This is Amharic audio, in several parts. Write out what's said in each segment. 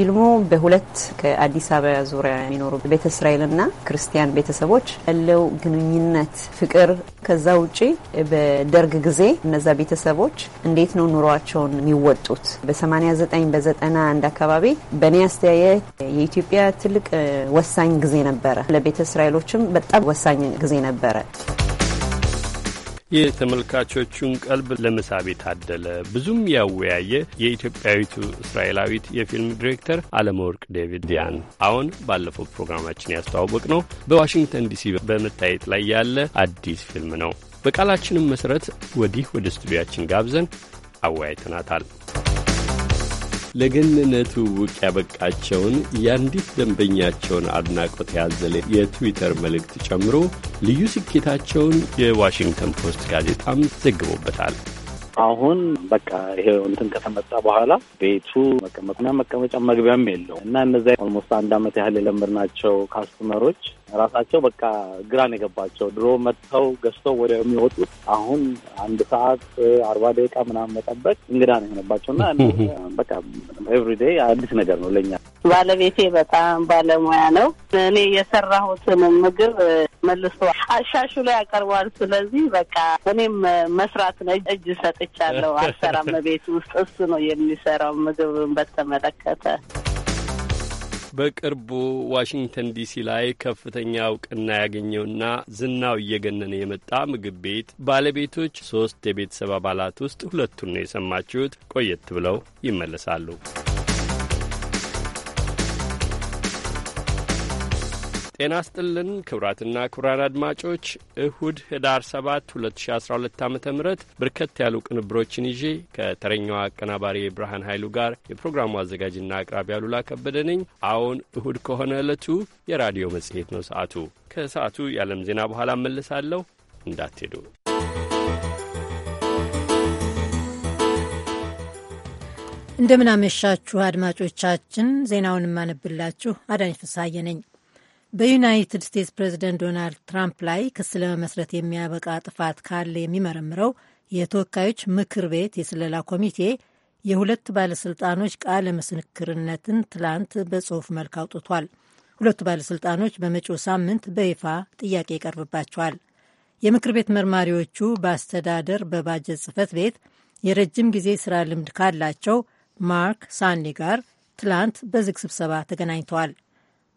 ፊልሙ በሁለት ከአዲስ አበባ ዙሪያ የሚኖሩ ቤተ እስራኤልና ክርስቲያን ቤተሰቦች ያለው ግንኙነት ፍቅር፣ ከዛ ውጪ በደርግ ጊዜ እነዛ ቤተሰቦች እንዴት ነው ኑሯቸውን የሚወጡት? በ89 በ91 አካባቢ በእኔ አስተያየት የኢትዮጵያ ትልቅ ወሳኝ ጊዜ ነበረ። ለቤተ እስራኤሎችም በጣም ወሳኝ ጊዜ ነበረ። የተመልካቾቹን ቀልብ ለመሳብ የታደለ ብዙም ያወያየ የኢትዮጵያዊቱ እስራኤላዊት የፊልም ዲሬክተር አለመወርቅ ዴቪድ ዲያን አሁን ባለፈው ፕሮግራማችን ያስተዋወቅ ነው በዋሽንግተን ዲሲ በመታየት ላይ ያለ አዲስ ፊልም ነው። በቃላችንም መሠረት ወዲህ ወደ ስቱዲያችን ጋብዘን አወያይተናታል። ለገንነቱ ውቅ ያበቃቸውን የአንዲት ደንበኛቸውን አድናቆት ያዘለ የትዊተር መልእክት ጨምሮ ልዩ ስኬታቸውን የዋሽንግተን ፖስት ጋዜጣም ዘግቦበታል። አሁን በቃ ይሄ እንትን ከተመጣ በኋላ ቤቱ መቀመጥና መቀመጫ መግቢያም የለው እና እነዚያ ኦልሞስት አንድ አመት ያህል የለመድናቸው ካስተመሮች ራሳቸው በቃ ግራን የገባቸው ድሮ መጥተው ገዝተው ወደ የሚወጡት አሁን አንድ ሰዓት አርባ ደቂቃ ምናምን መጠበቅ እንግዳ ነው የሆነባቸው እና በቃ ኤቭሪዴ አዲስ ነገር ነው ለኛ። ባለቤቴ በጣም ባለሙያ ነው። እኔ የሰራሁትን ምግብ መልሶ አሻሹ ላይ ያቀርቧል። ስለዚህ በቃ እኔም መስራት ነው እጅ ሰጥቻለሁ። አሰራም ቤት ውስጥ እሱ ነው የሚሰራው ምግብን በተመለከተ በቅርቡ ዋሽንግተን ዲሲ ላይ ከፍተኛ እውቅና ያገኘውና ዝናው እየገነነ የመጣ ምግብ ቤት ባለቤቶች ሶስት የቤተሰብ አባላት ውስጥ ሁለቱን ነው የሰማችሁት። ቆየት ብለው ይመለሳሉ። ጤና ስጥልን ክቡራትና ክቡራን አድማጮች እሁድ ህዳር 7 2012 ዓ ም በርከት ያሉ ቅንብሮችን ይዤ ከተረኛዋ አቀናባሪ ብርሃን ኃይሉ ጋር የፕሮግራሙ አዘጋጅና አቅራቢ አሉላ ከበደ ነኝ። እሁድ ከሆነ ዕለቱ የራዲዮ መጽሔት ነው። ሰዓቱ ከሰዓቱ የዓለም ዜና በኋላ መልሳለሁ። እንዳትሄዱ። እንደምናመሻችሁ አድማጮቻችን፣ ዜናውን የማነብላችሁ አዳኝ ፍሳዬ ነኝ። በዩናይትድ ስቴትስ ፕሬዚደንት ዶናልድ ትራምፕ ላይ ክስ ለመመስረት የሚያበቃ ጥፋት ካለ የሚመረምረው የተወካዮች ምክር ቤት የስለላ ኮሚቴ የሁለት ባለሥልጣኖች ቃለ ምስክርነትን ትላንት በጽሑፍ መልክ አውጥቷል። ሁለቱ ባለሥልጣኖች በመጪው ሳምንት በይፋ ጥያቄ ይቀርብባቸዋል። የምክር ቤት መርማሪዎቹ በአስተዳደር በባጀት ጽህፈት ቤት የረጅም ጊዜ ሥራ ልምድ ካላቸው ማርክ ሳኒ ጋር ትላንት በዝግ ስብሰባ ተገናኝተዋል።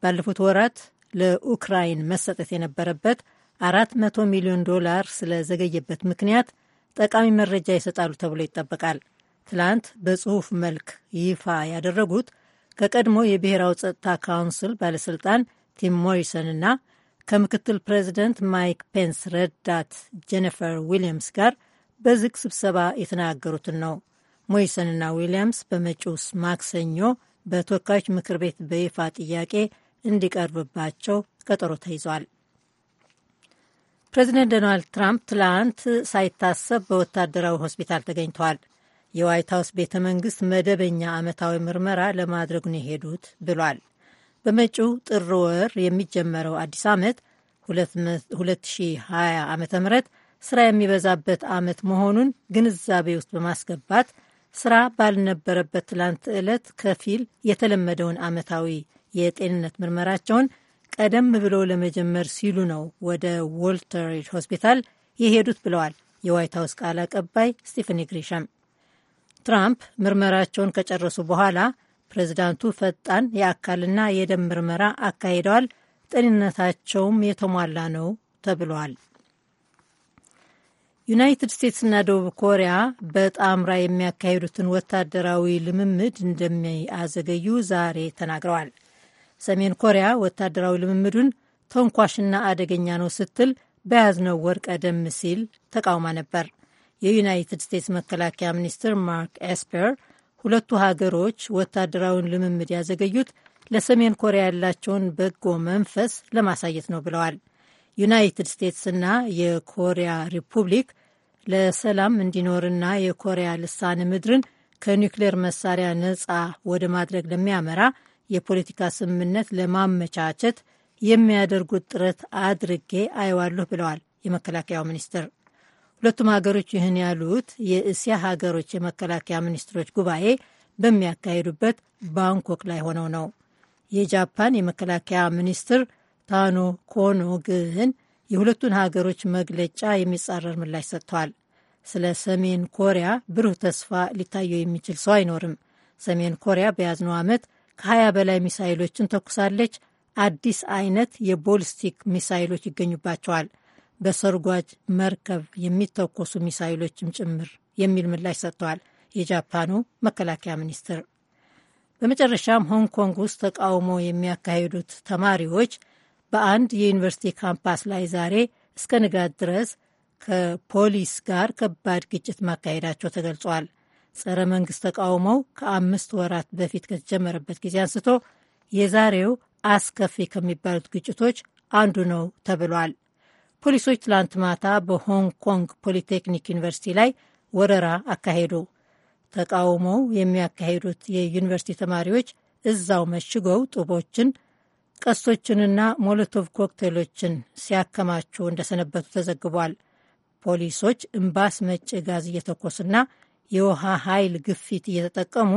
ባለፉት ወራት ለኡክራይን መሰጠት የነበረበት 400 ሚሊዮን ዶላር ስለዘገየበት ምክንያት ጠቃሚ መረጃ ይሰጣሉ ተብሎ ይጠበቃል። ትላንት በጽሑፍ መልክ ይፋ ያደረጉት ከቀድሞ የብሔራዊ ጸጥታ ካውንስል ባለሥልጣን ቲም ሞሪሰን እና ከምክትል ፕሬዚደንት ማይክ ፔንስ ረዳት ጄኒፈር ዊሊያምስ ጋር በዝግ ስብሰባ የተናገሩትን ነው። ሞሪሰንና ዊሊያምስ በመጪውስ ማክሰኞ በተወካዮች ምክር ቤት በይፋ ጥያቄ እንዲቀርብባቸው ቀጠሮ ተይዟል። ፕሬዚደንት ዶናልድ ትራምፕ ትላንት ሳይታሰብ በወታደራዊ ሆስፒታል ተገኝተዋል። የዋይት ሀውስ ቤተ መንግስት መደበኛ ዓመታዊ ምርመራ ለማድረግ ነው የሄዱት ብሏል። በመጪው ጥር ወር የሚጀመረው አዲስ ዓመት 2020 ዓ ም ስራ የሚበዛበት ዓመት መሆኑን ግንዛቤ ውስጥ በማስገባት ስራ ባልነበረበት ትላንት ዕለት ከፊል የተለመደውን ዓመታዊ የጤንነት ምርመራቸውን ቀደም ብለው ለመጀመር ሲሉ ነው ወደ ዎልተር ሆስፒታል የሄዱት ብለዋል የዋይት ሀውስ ቃል አቀባይ ስቲፈኒ ግሪሸም። ትራምፕ ምርመራቸውን ከጨረሱ በኋላ ፕሬዚዳንቱ ፈጣን የአካልና የደም ምርመራ አካሂደዋል፣ ጤንነታቸውም የተሟላ ነው ተብለዋል። ዩናይትድ ስቴትስና ደቡብ ኮሪያ በጣምራ የሚያካሂዱትን ወታደራዊ ልምምድ እንደሚያዘገዩ ዛሬ ተናግረዋል። ሰሜን ኮሪያ ወታደራዊ ልምምዱን ተንኳሽና አደገኛ ነው ስትል በያዝነው ወር ቀደም ሲል ተቃውማ ነበር። የዩናይትድ ስቴትስ መከላከያ ሚኒስትር ማርክ ኤስፐር ሁለቱ ሀገሮች ወታደራዊን ልምምድ ያዘገዩት ለሰሜን ኮሪያ ያላቸውን በጎ መንፈስ ለማሳየት ነው ብለዋል። ዩናይትድ ና የኮሪያ ሪፑብሊክ ለሰላም እንዲኖርና የኮሪያ ልሳነ ምድርን ከኒውክሌር መሳሪያ ነጻ ወደ ማድረግ ለሚያመራ የፖለቲካ ስምምነት ለማመቻቸት የሚያደርጉት ጥረት አድርጌ አየዋለሁ ብለዋል የመከላከያው ሚኒስትር። ሁለቱም ሀገሮች ይህን ያሉት የእስያ ሀገሮች የመከላከያ ሚኒስትሮች ጉባኤ በሚያካሂዱበት ባንኮክ ላይ ሆነው ነው። የጃፓን የመከላከያ ሚኒስትር ታኖ ኮኖ ግን የሁለቱን ሀገሮች መግለጫ የሚጻረር ምላሽ ሰጥተዋል። ስለ ሰሜን ኮሪያ ብሩህ ተስፋ ሊታየው የሚችል ሰው አይኖርም። ሰሜን ኮሪያ በያዝነው ዓመት ከ20 በላይ ሚሳይሎችን ተኩሳለች። አዲስ አይነት የቦሊስቲክ ሚሳይሎች ይገኙባቸዋል፣ በሰርጓጅ መርከብ የሚተኮሱ ሚሳይሎችም ጭምር የሚል ምላሽ ሰጥተዋል የጃፓኑ መከላከያ ሚኒስትር። በመጨረሻም ሆንግ ኮንግ ውስጥ ተቃውሞ የሚያካሂዱት ተማሪዎች በአንድ የዩኒቨርሲቲ ካምፓስ ላይ ዛሬ እስከ ንጋት ድረስ ከፖሊስ ጋር ከባድ ግጭት ማካሄዳቸው ተገልጿል። ጸረ መንግስት ተቃውሞው ከአምስት ወራት በፊት ከተጀመረበት ጊዜ አንስቶ የዛሬው አስከፊ ከሚባሉት ግጭቶች አንዱ ነው ተብሏል። ፖሊሶች ትላንት ማታ በሆንግ ኮንግ ፖሊቴክኒክ ዩኒቨርሲቲ ላይ ወረራ አካሄዱ። ተቃውሞው የሚያካሄዱት የዩኒቨርሲቲ ተማሪዎች እዛው መሽገው ጡቦችን፣ ቀስቶችንና ሞሎቶቭ ኮክቴሎችን ሲያከማቹ እንደሰነበቱ ተዘግቧል። ፖሊሶች እምባስ መጭ ጋዝ እየተኮሱና የውሃ ኃይል ግፊት እየተጠቀሙ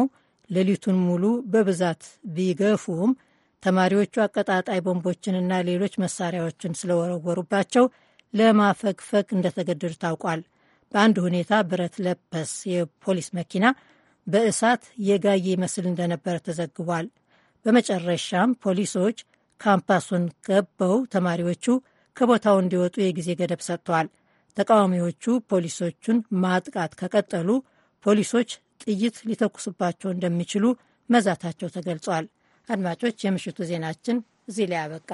ሌሊቱን ሙሉ በብዛት ቢገፉም ተማሪዎቹ አቀጣጣይ ቦምቦችንና ሌሎች መሳሪያዎችን ስለወረወሩባቸው ለማፈግፈግ እንደተገደዱ ታውቋል። በአንድ ሁኔታ ብረት ለበስ የፖሊስ መኪና በእሳት የጋየ ይመስል እንደነበረ ተዘግቧል። በመጨረሻም ፖሊሶች ካምፓሱን ከበው ተማሪዎቹ ከቦታው እንዲወጡ የጊዜ ገደብ ሰጥተዋል። ተቃዋሚዎቹ ፖሊሶቹን ማጥቃት ከቀጠሉ ፖሊሶች ጥይት ሊተኩሱባቸው እንደሚችሉ መዛታቸው ተገልጿል። አድማጮች፣ የምሽቱ ዜናችን እዚህ ላይ አበቃ።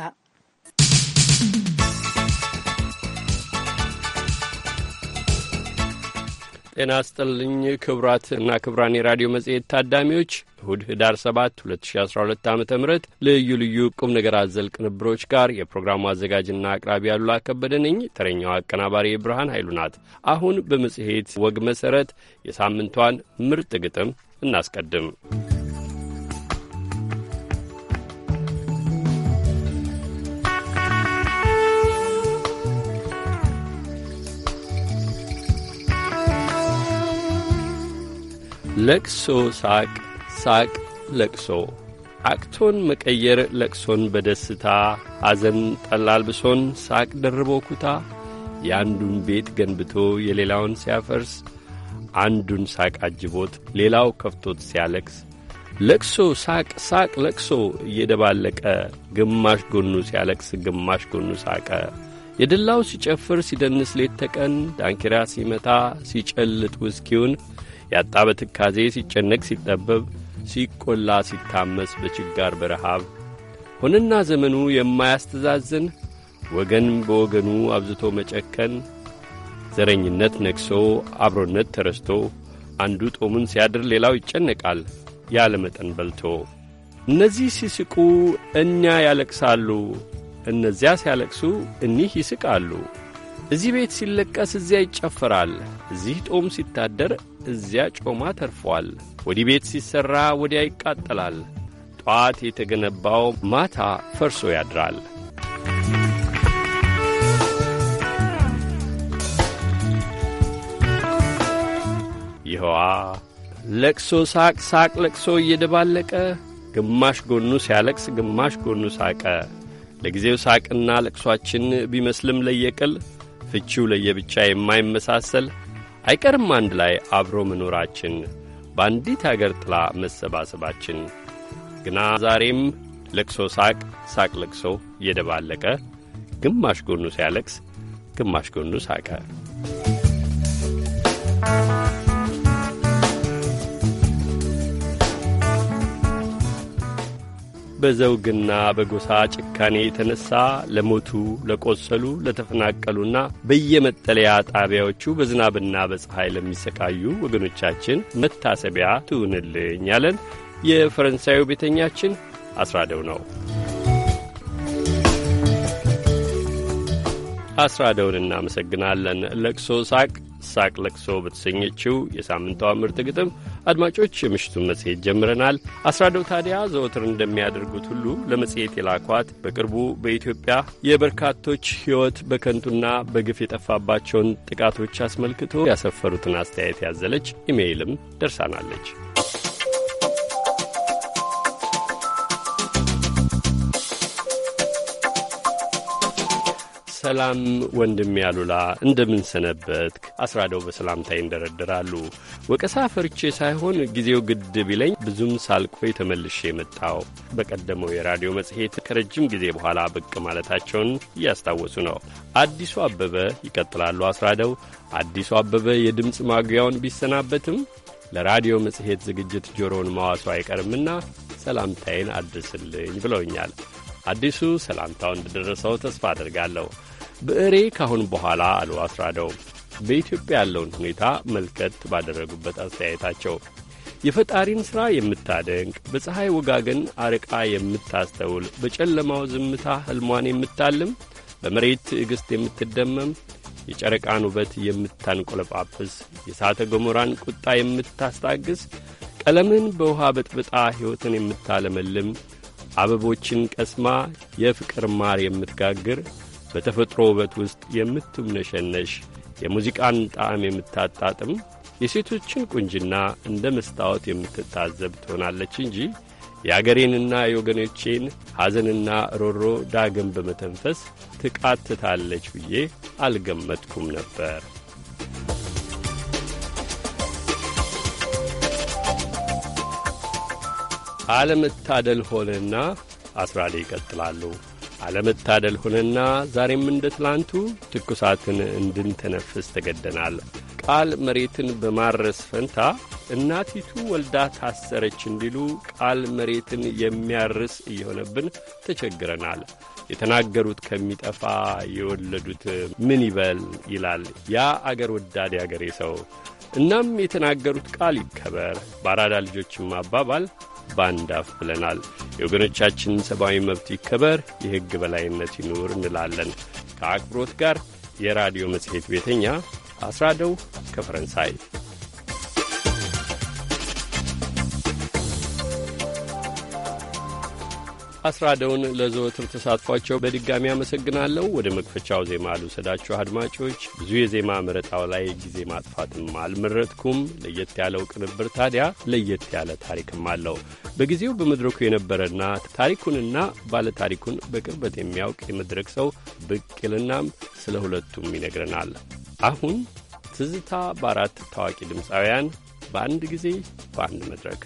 ጤና ስጥልኝ ክቡራትና ክቡራን የራዲዮ መጽሔት ታዳሚዎች እሁድ ህዳር 7 2012 ዓ ም ልዩ ልዩ ቁም ነገር አዘል ቅንብሮች ጋር የፕሮግራሙ አዘጋጅና አቅራቢ ያሉላ ከበደ ነኝ። አቀናባሪ ብርሃን ኃይሉ ናት። አሁን በመጽሔት ወግ መሠረት የሳምንቷን ምርጥ ግጥም እናስቀድም። ለቅሶ ሳቅ፣ ሳቅ ለቅሶ አቅቶን መቀየር ለቅሶን በደስታ ሐዘን ጠላልብሶን ሳቅ ደርቦ ኩታ የአንዱን ቤት ገንብቶ የሌላውን ሲያፈርስ አንዱን ሳቅ አጅቦት ሌላው ከፍቶት ሲያለቅስ ለቅሶ ሳቅ ሳቅ ለቅሶ እየደባለቀ ግማሽ ጎኑ ሲያለቅስ ግማሽ ጎኑ ሳቀ። የደላው ሲጨፍር ሲደንስ ሌት ተቀን ዳንኪራ ሲመታ ሲጨልጥ ውስኪውን ያጣ በትካዜ ሲጨነቅ ሲጠበብ ሲቆላ ሲታመስ በችጋር በረሃብ ሆነና ዘመኑ የማያስተዛዝን ወገን በወገኑ አብዝቶ መጨከን ዘረኝነት ነግሶ አብሮነት ተረስቶ አንዱ ጦሙን ሲያድር ሌላው ይጨነቃል ያለ መጠን በልቶ እነዚህ ሲስቁ እኛ ያለቅሳሉ፣ እነዚያ ሲያለቅሱ እኒህ ይስቃሉ። እዚህ ቤት ሲለቀስ እዚያ ይጨፈራል፣ እዚህ ጦም ሲታደር እዚያ ጮማ ተርፏል፣ ወዲህ ቤት ሲሠራ ወዲያ ይቃጠላል፣ ጧት የተገነባው ማታ ፈርሶ ያድራል። ይኸዋ ለቅሶ ሳቅ ሳቅ ለቅሶ እየደባለቀ ግማሽ ጎኑ ሲያለቅስ ግማሽ ጎኑ ሳቀ። ለጊዜው ሳቅና ለቅሷችን ቢመስልም ለየቅል ፍቺው ለየብቻ የማይመሳሰል አይቀርም አንድ ላይ አብሮ መኖራችን በአንዲት አገር ጥላ መሰባሰባችን ግና ዛሬም ለቅሶ ሳቅ፣ ሳቅ ለቅሶ እየደባለቀ ግማሽ ጎኑ ሲያለቅስ፣ ግማሽ ጎኑ ሳቀ። በዘውግና በጎሳ ጭካኔ የተነሳ ለሞቱ፣ ለቆሰሉ፣ ለተፈናቀሉና በየመጠለያ ጣቢያዎቹ በዝናብና በፀሐይ ለሚሰቃዩ ወገኖቻችን መታሰቢያ ትሁንልኝ ያለን የፈረንሳዩ ቤተኛችን አስራደው ነው። አስራደውን እናመሰግናለን። ለቅሶ ሳቅ ሳቅ ለቅሶ በተሰኘችው የሳምንቷ ምርጥ ግጥም አድማጮች የምሽቱን መጽሔት ጀምረናል። አስራደው ታዲያ ዘወትር እንደሚያደርጉት ሁሉ ለመጽሔት የላኳት በቅርቡ በኢትዮጵያ የበርካቶች ሕይወት በከንቱና በግፍ የጠፋባቸውን ጥቃቶች አስመልክቶ ያሰፈሩትን አስተያየት ያዘለች ኢሜይልም ደርሳናለች። ሰላም ወንድም ያሉላ እንደምንሰነበት አስራደው በሰላምታ ይንደረደራሉ። ወቀሳ ፈርቼ ሳይሆን ጊዜው ግድ ቢለኝ ብዙም ሳልቆይ ተመልሼ የመጣው በቀደመው የራዲዮ መጽሔት ከረጅም ጊዜ በኋላ ብቅ ማለታቸውን እያስታወሱ ነው። አዲሱ አበበ ይቀጥላሉ አስራደው። አዲሱ አበበ የድምፅ ማጉያውን ቢሰናበትም ለራዲዮ መጽሔት ዝግጅት ጆሮውን ማዋሱ አይቀርምና ሰላምታዬን አድርስልኝ ብለውኛል። አዲሱ ሰላምታው እንደደረሰው ተስፋ አድርጋለሁ። ብዕሬ ካሁን በኋላ አሉ አስራደው በኢትዮጵያ ያለውን ሁኔታ መልከት ባደረጉበት አስተያየታቸው የፈጣሪን ሥራ የምታደንቅ በፀሐይ ወጋገን አርቃ የምታስተውል በጨለማው ዝምታ ሕልሟን የምታልም በመሬት ትዕግሥት የምትደመም የጨረቃን ውበት የምታንቈለጳፍስ የእሳተ ገሞራን ቁጣ የምታስታግስ ቀለምን በውሃ በጥብጣ ሕይወትን የምታለመልም አበቦችን ቀስማ የፍቅር ማር የምትጋግር በተፈጥሮ ውበት ውስጥ የምትምነሸነሽ የሙዚቃን ጣዕም የምታጣጥም የሴቶችን ቁንጅና እንደ መስታወት የምትታዘብ ትሆናለች እንጂ የአገሬንና የወገኖቼን ሐዘንና ሮሮ ዳግም በመተንፈስ ትቃትታለች ብዬ አልገመትኩም ነበር። አለመታደል ሆነና አስራሌ ይቀጥላሉ። አለመታደል ሆነና ዛሬም እንደ ትላንቱ ትኩሳትን እንድንተነፍስ ተገደናል። ቃል መሬትን በማረስ ፈንታ እናቲቱ ወልዳ ታሰረች እንዲሉ ቃል መሬትን የሚያርስ እየሆነብን ተቸግረናል። የተናገሩት ከሚጠፋ የወለዱት ምን ይበል ይላል ያ አገር ወዳድ አገሬ ሰው። እናም የተናገሩት ቃል ይከበር ባራዳ ልጆችም አባባል በአንድ አፍ ብለናል። የወገኖቻችን ሰብአዊ መብት ይከበር፣ የሕግ በላይነት ይኑር እንላለን። ከአክብሮት ጋር የራዲዮ መጽሔት ቤተኛ አስራደው ከፈረንሳይ አስራደውን ለዘወትር ተሳትፏቸው በድጋሚ አመሰግናለሁ። ወደ መክፈቻው ዜማ ልውሰዳችሁ አድማጮች። ብዙ የዜማ ምረጣው ላይ ጊዜ ማጥፋትም አልመረጥኩም። ለየት ያለው ቅንብር ታዲያ ለየት ያለ ታሪክም አለው። በጊዜው በመድረኩ የነበረና ታሪኩንና ባለታሪኩን በቅርበት የሚያውቅ የመድረክ ሰው ብቅ ይልናም ስለ ሁለቱም ይነግረናል። አሁን ትዝታ በአራት ታዋቂ ድምፃውያን በአንድ ጊዜ በአንድ መድረክ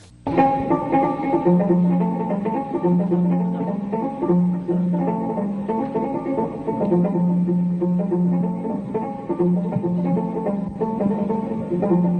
Thank you.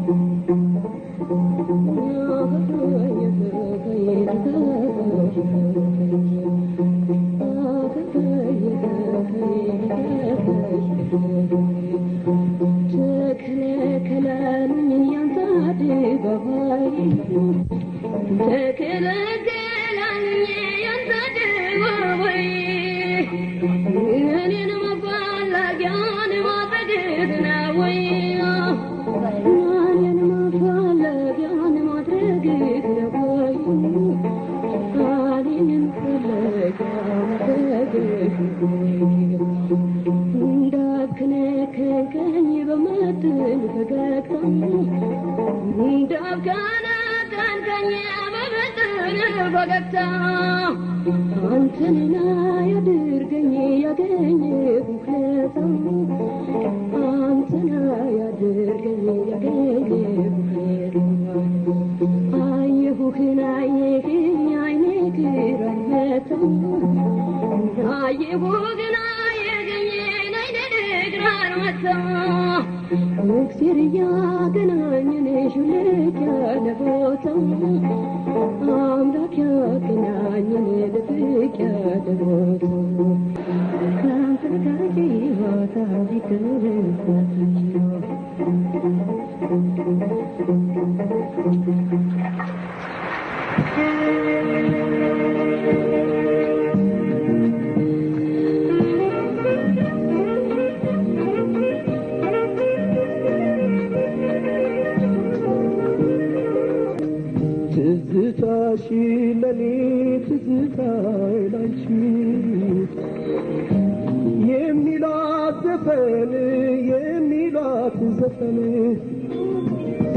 çale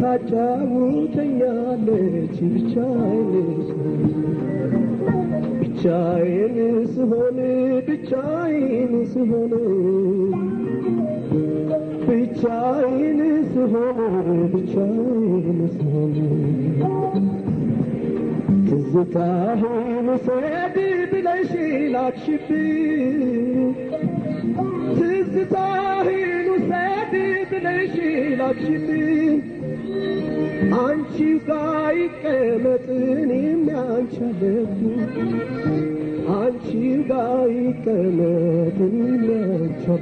saçavutayale çirçayles biçayles hole biçayles hole biçayles hole biçayles hole Zıtahını söyledi bileşil akşibi tiz zıtahını ላክሽልኝ አንቺ ጋር ይቀመጥን የሚያንቻለቱ አንቺ ጋር ይቀመጥን የሚያንቻለቱ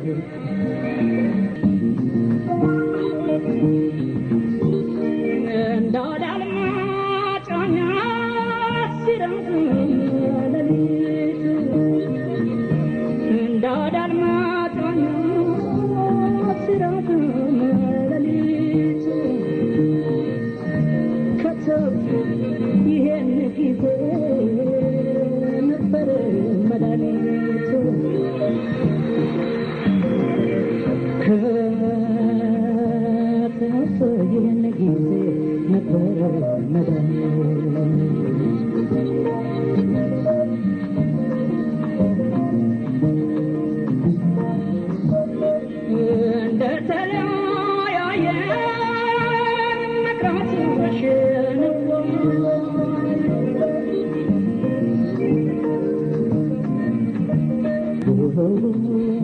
Ooh. Mm-hmm.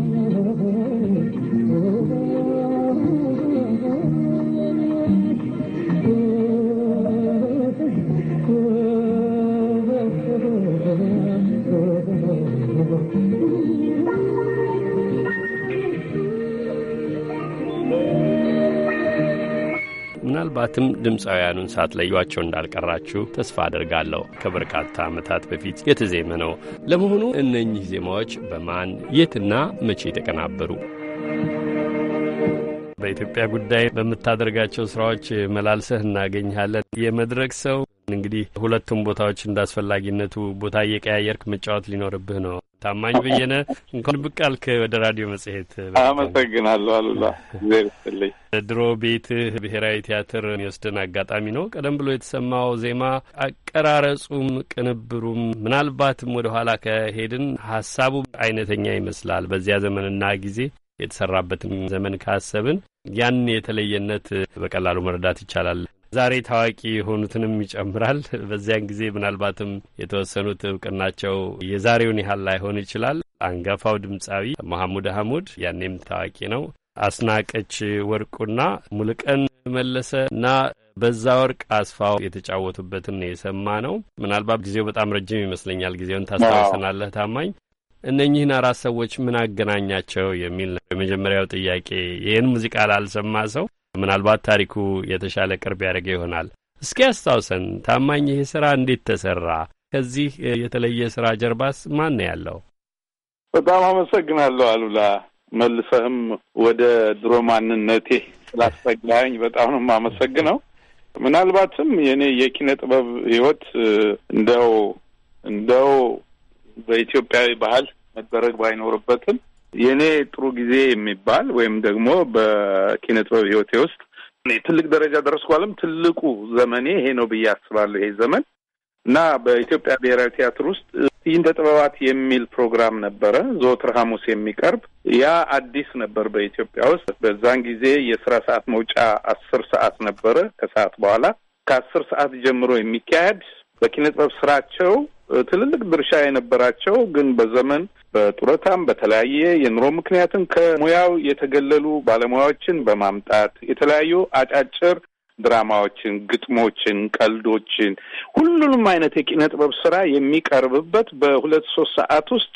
ምናልባትም ድምፃውያኑን ሳትለዩአቸው እንዳልቀራችሁ ተስፋ አድርጋለሁ። ከበርካታ ዓመታት በፊት የተዜመ ነው። ለመሆኑ እነኚህ ዜማዎች በማን የትና መቼ የተቀናበሩ? በኢትዮጵያ ጉዳይ በምታደርጋቸው ስራዎች መላልሰህ እናገኝሃለን። የመድረክ ሰው እንግዲህ ሁለቱም ቦታዎች እንዳስፈላጊነቱ ቦታ እየቀያየርክ መጫወት ሊኖርብህ ነው። ታማኝ በየነ እንኳን ብቅ አልክ ወደ ራዲዮ መጽሔት። አመሰግናለሁ አሉላ ዜር ድሮ ቤትህ ብሔራዊ ቲያትር የሚወስድን አጋጣሚ ነው። ቀደም ብሎ የተሰማው ዜማ አቀራረጹም ቅንብሩም ምናልባትም ወደ ኋላ ከሄድን ሀሳቡ አይነተኛ ይመስላል። በዚያ ዘመንና ጊዜ የተሰራበትን ዘመን ካሰብን ያን የተለየነት በቀላሉ መረዳት ይቻላል። ዛሬ ታዋቂ የሆኑትንም ይጨምራል። በዚያን ጊዜ ምናልባትም የተወሰኑት እውቅናቸው የዛሬውን ያህል ላይሆን ይችላል። አንጋፋው ድምፃዊ መሐሙድ አህሙድ ያኔም ታዋቂ ነው። አስናቀች ወርቁና ሙልቀን መለሰ እና በዛ ወርቅ አስፋው የተጫወቱበትን የሰማ ነው። ምናልባት ጊዜው በጣም ረጅም ይመስለኛል። ጊዜውን ታስታውሰናለህ ታማኝ። እነኚህን አራት ሰዎች ምን አገናኛቸው የሚል ነው የመጀመሪያው ጥያቄ። ይህን ሙዚቃ ላልሰማ ሰው ምናልባት ታሪኩ የተሻለ ቅርብ ያደረገ ይሆናል። እስኪ አስታውሰን፣ ታማኝ ይህ ስራ እንዴት ተሰራ? ከዚህ የተለየ ስራ ጀርባስ ማን ነው ያለው? በጣም አመሰግናለሁ አሉላ። መልሰህም ወደ ድሮ ማንነቴ ስላስጠጋኸኝ በጣም ነው የማመሰግነው። ምናልባትም የእኔ የኪነ ጥበብ ህይወት እንደው እንደው በኢትዮጵያዊ ባህል መደረግ ባይኖርበትም የእኔ ጥሩ ጊዜ የሚባል ወይም ደግሞ በኪነ ጥበብ ህይወቴ ውስጥ ትልቅ ደረጃ ደረስኳልም ትልቁ ዘመኔ ይሄ ነው ብዬ አስባለሁ። ይሄ ዘመን እና በኢትዮጵያ ብሔራዊ ቲያትር ውስጥ ትዕይንተ ጥበባት የሚል ፕሮግራም ነበረ ዘወትር ሐሙስ የሚቀርብ ያ አዲስ ነበር በኢትዮጵያ ውስጥ። በዛን ጊዜ የስራ ሰዓት መውጫ አስር ሰዓት ነበረ ከሰዓት በኋላ ከአስር ሰዓት ጀምሮ የሚካሄድ በኪነ ጥበብ ስራቸው ትልልቅ ድርሻ የነበራቸው ግን በዘመን በጡረታም በተለያየ የኑሮ ምክንያትም ከሙያው የተገለሉ ባለሙያዎችን በማምጣት የተለያዩ አጫጭር ድራማዎችን፣ ግጥሞችን፣ ቀልዶችን ሁሉንም አይነት የኪነ ጥበብ ስራ የሚቀርብበት በሁለት ሶስት ሰዓት ውስጥ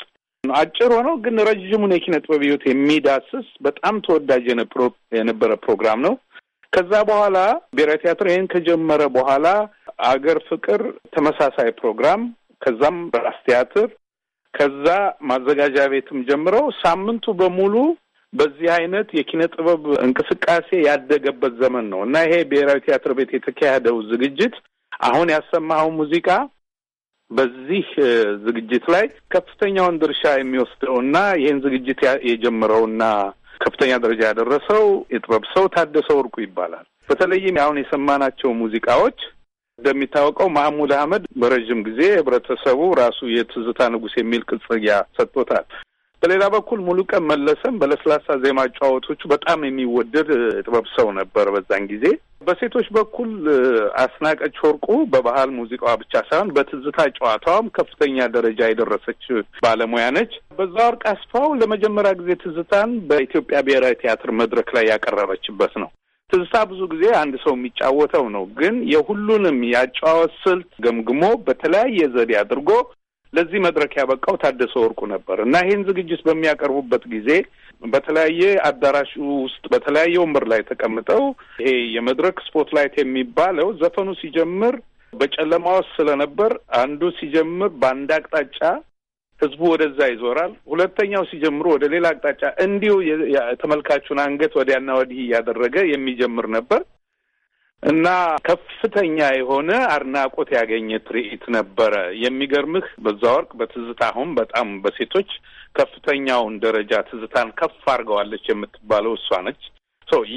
አጭር ሆነው ግን ረዥሙን የኪነ ጥበብ ህይወት የሚዳስስ በጣም ተወዳጅ የነበረ ፕሮግራም ነው። ከዛ በኋላ ብሔራዊ ቲያትር ይህን ከጀመረ በኋላ አገር ፍቅር ተመሳሳይ ፕሮግራም፣ ከዛም ራስ ቲያትር፣ ከዛ ማዘጋጃ ቤትም ጀምረው ሳምንቱ በሙሉ በዚህ አይነት የኪነ ጥበብ እንቅስቃሴ ያደገበት ዘመን ነው እና ይሄ ብሔራዊ ቲያትር ቤት የተካሄደው ዝግጅት አሁን ያሰማኸው ሙዚቃ በዚህ ዝግጅት ላይ ከፍተኛውን ድርሻ እና ይህን ዝግጅት የጀመረውና ከፍተኛ ደረጃ ያደረሰው የጥበብ ሰው ታደሰ ወርቁ ይባላል። በተለይም አሁን የሰማናቸው ሙዚቃዎች እንደሚታወቀው ማህሙድ አህመድ በረዥም ጊዜ ህብረተሰቡ ራሱ የትዝታ ንጉሥ የሚል ቅጽያ ሰጥቶታል። በሌላ በኩል ሙሉቀን መለሰም በለስላሳ ዜማ ጨዋወቶቹ በጣም የሚወደድ ጥበብ ሰው ነበር በዛን ጊዜ በሴቶች በኩል አስናቀች ወርቁ በባህል ሙዚቃዋ ብቻ ሳይሆን በትዝታ ጨዋታዋም ከፍተኛ ደረጃ የደረሰች ባለሙያ ነች። በዛወርቅ አስፋው ለመጀመሪያ ጊዜ ትዝታን በኢትዮጵያ ብሔራዊ ቲያትር መድረክ ላይ ያቀረበችበት ነው። ትዝታ ብዙ ጊዜ አንድ ሰው የሚጫወተው ነው። ግን የሁሉንም ያጨዋወት ስልት ገምግሞ በተለያየ ዘዴ አድርጎ ለዚህ መድረክ ያበቃው ታደሰ ወርቁ ነበር እና ይህን ዝግጅት በሚያቀርቡበት ጊዜ በተለያየ አዳራሽ ውስጥ በተለያየ ወንበር ላይ ተቀምጠው ይሄ የመድረክ ስፖትላይት የሚባለው ዘፈኑ ሲጀምር በጨለማ ውስጥ ስለነበር አንዱ ሲጀምር በአንድ አቅጣጫ ህዝቡ ወደዛ ይዞራል። ሁለተኛው ሲጀምሩ ወደ ሌላ አቅጣጫ እንዲሁ ተመልካቹን አንገት ወዲያና ወዲህ እያደረገ የሚጀምር ነበር። እና ከፍተኛ የሆነ አድናቆት ያገኘ ትርኢት ነበረ። የሚገርምህ በዛ ወርቅ በትዝታ አሁን በጣም በሴቶች ከፍተኛውን ደረጃ ትዝታን ከፍ አድርገዋለች የምትባለው እሷ ነች።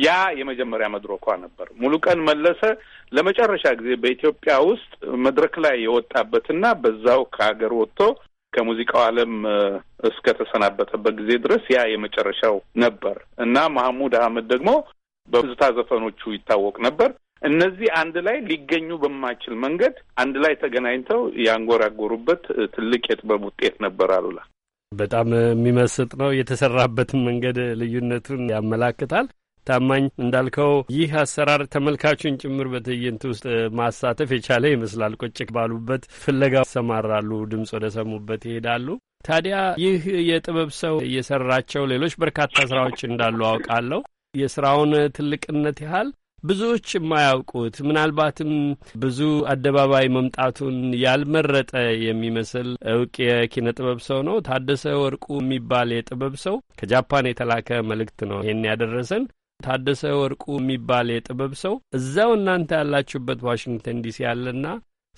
ያ የመጀመሪያ መድረኳ ነበር። ሙሉቀን መለሰ ለመጨረሻ ጊዜ በኢትዮጵያ ውስጥ መድረክ ላይ የወጣበትና በዛው ከሀገር ወጥቶ ከሙዚቃው ዓለም እስከተሰናበተበት ጊዜ ድረስ ያ የመጨረሻው ነበር እና ማህሙድ አህመድ ደግሞ በትዝታ ዘፈኖቹ ይታወቅ ነበር። እነዚህ አንድ ላይ ሊገኙ በማይችል መንገድ አንድ ላይ ተገናኝተው ያንጎራጎሩበት ትልቅ የጥበብ ውጤት ነበር አሉላ። በጣም የሚመስጥ ነው። የተሰራበትን መንገድ ልዩነቱን ያመላክታል። ታማኝ እንዳልከው ይህ አሰራር ተመልካቹን ጭምር በትዕይንት ውስጥ ማሳተፍ የቻለ ይመስላል። ቁጭ ባሉበት ፍለጋ ይሰማራሉ፣ ድምፅ ወደ ሰሙበት ይሄዳሉ። ታዲያ ይህ የጥበብ ሰው እየሰራቸው ሌሎች በርካታ ስራዎች እንዳሉ አውቃለሁ። የስራውን ትልቅነት ያህል ብዙዎች የማያውቁት ምናልባትም ብዙ አደባባይ መምጣቱን ያልመረጠ የሚመስል እውቅ የኪነ ጥበብ ሰው ነው። ታደሰ ወርቁ የሚባል የጥበብ ሰው ከጃፓን የተላከ መልእክት ነው ይህን ያደረሰን። ታደሰ ወርቁ የሚባል የጥበብ ሰው እዛው እናንተ ያላችሁበት ዋሽንግተን ዲሲ ያለና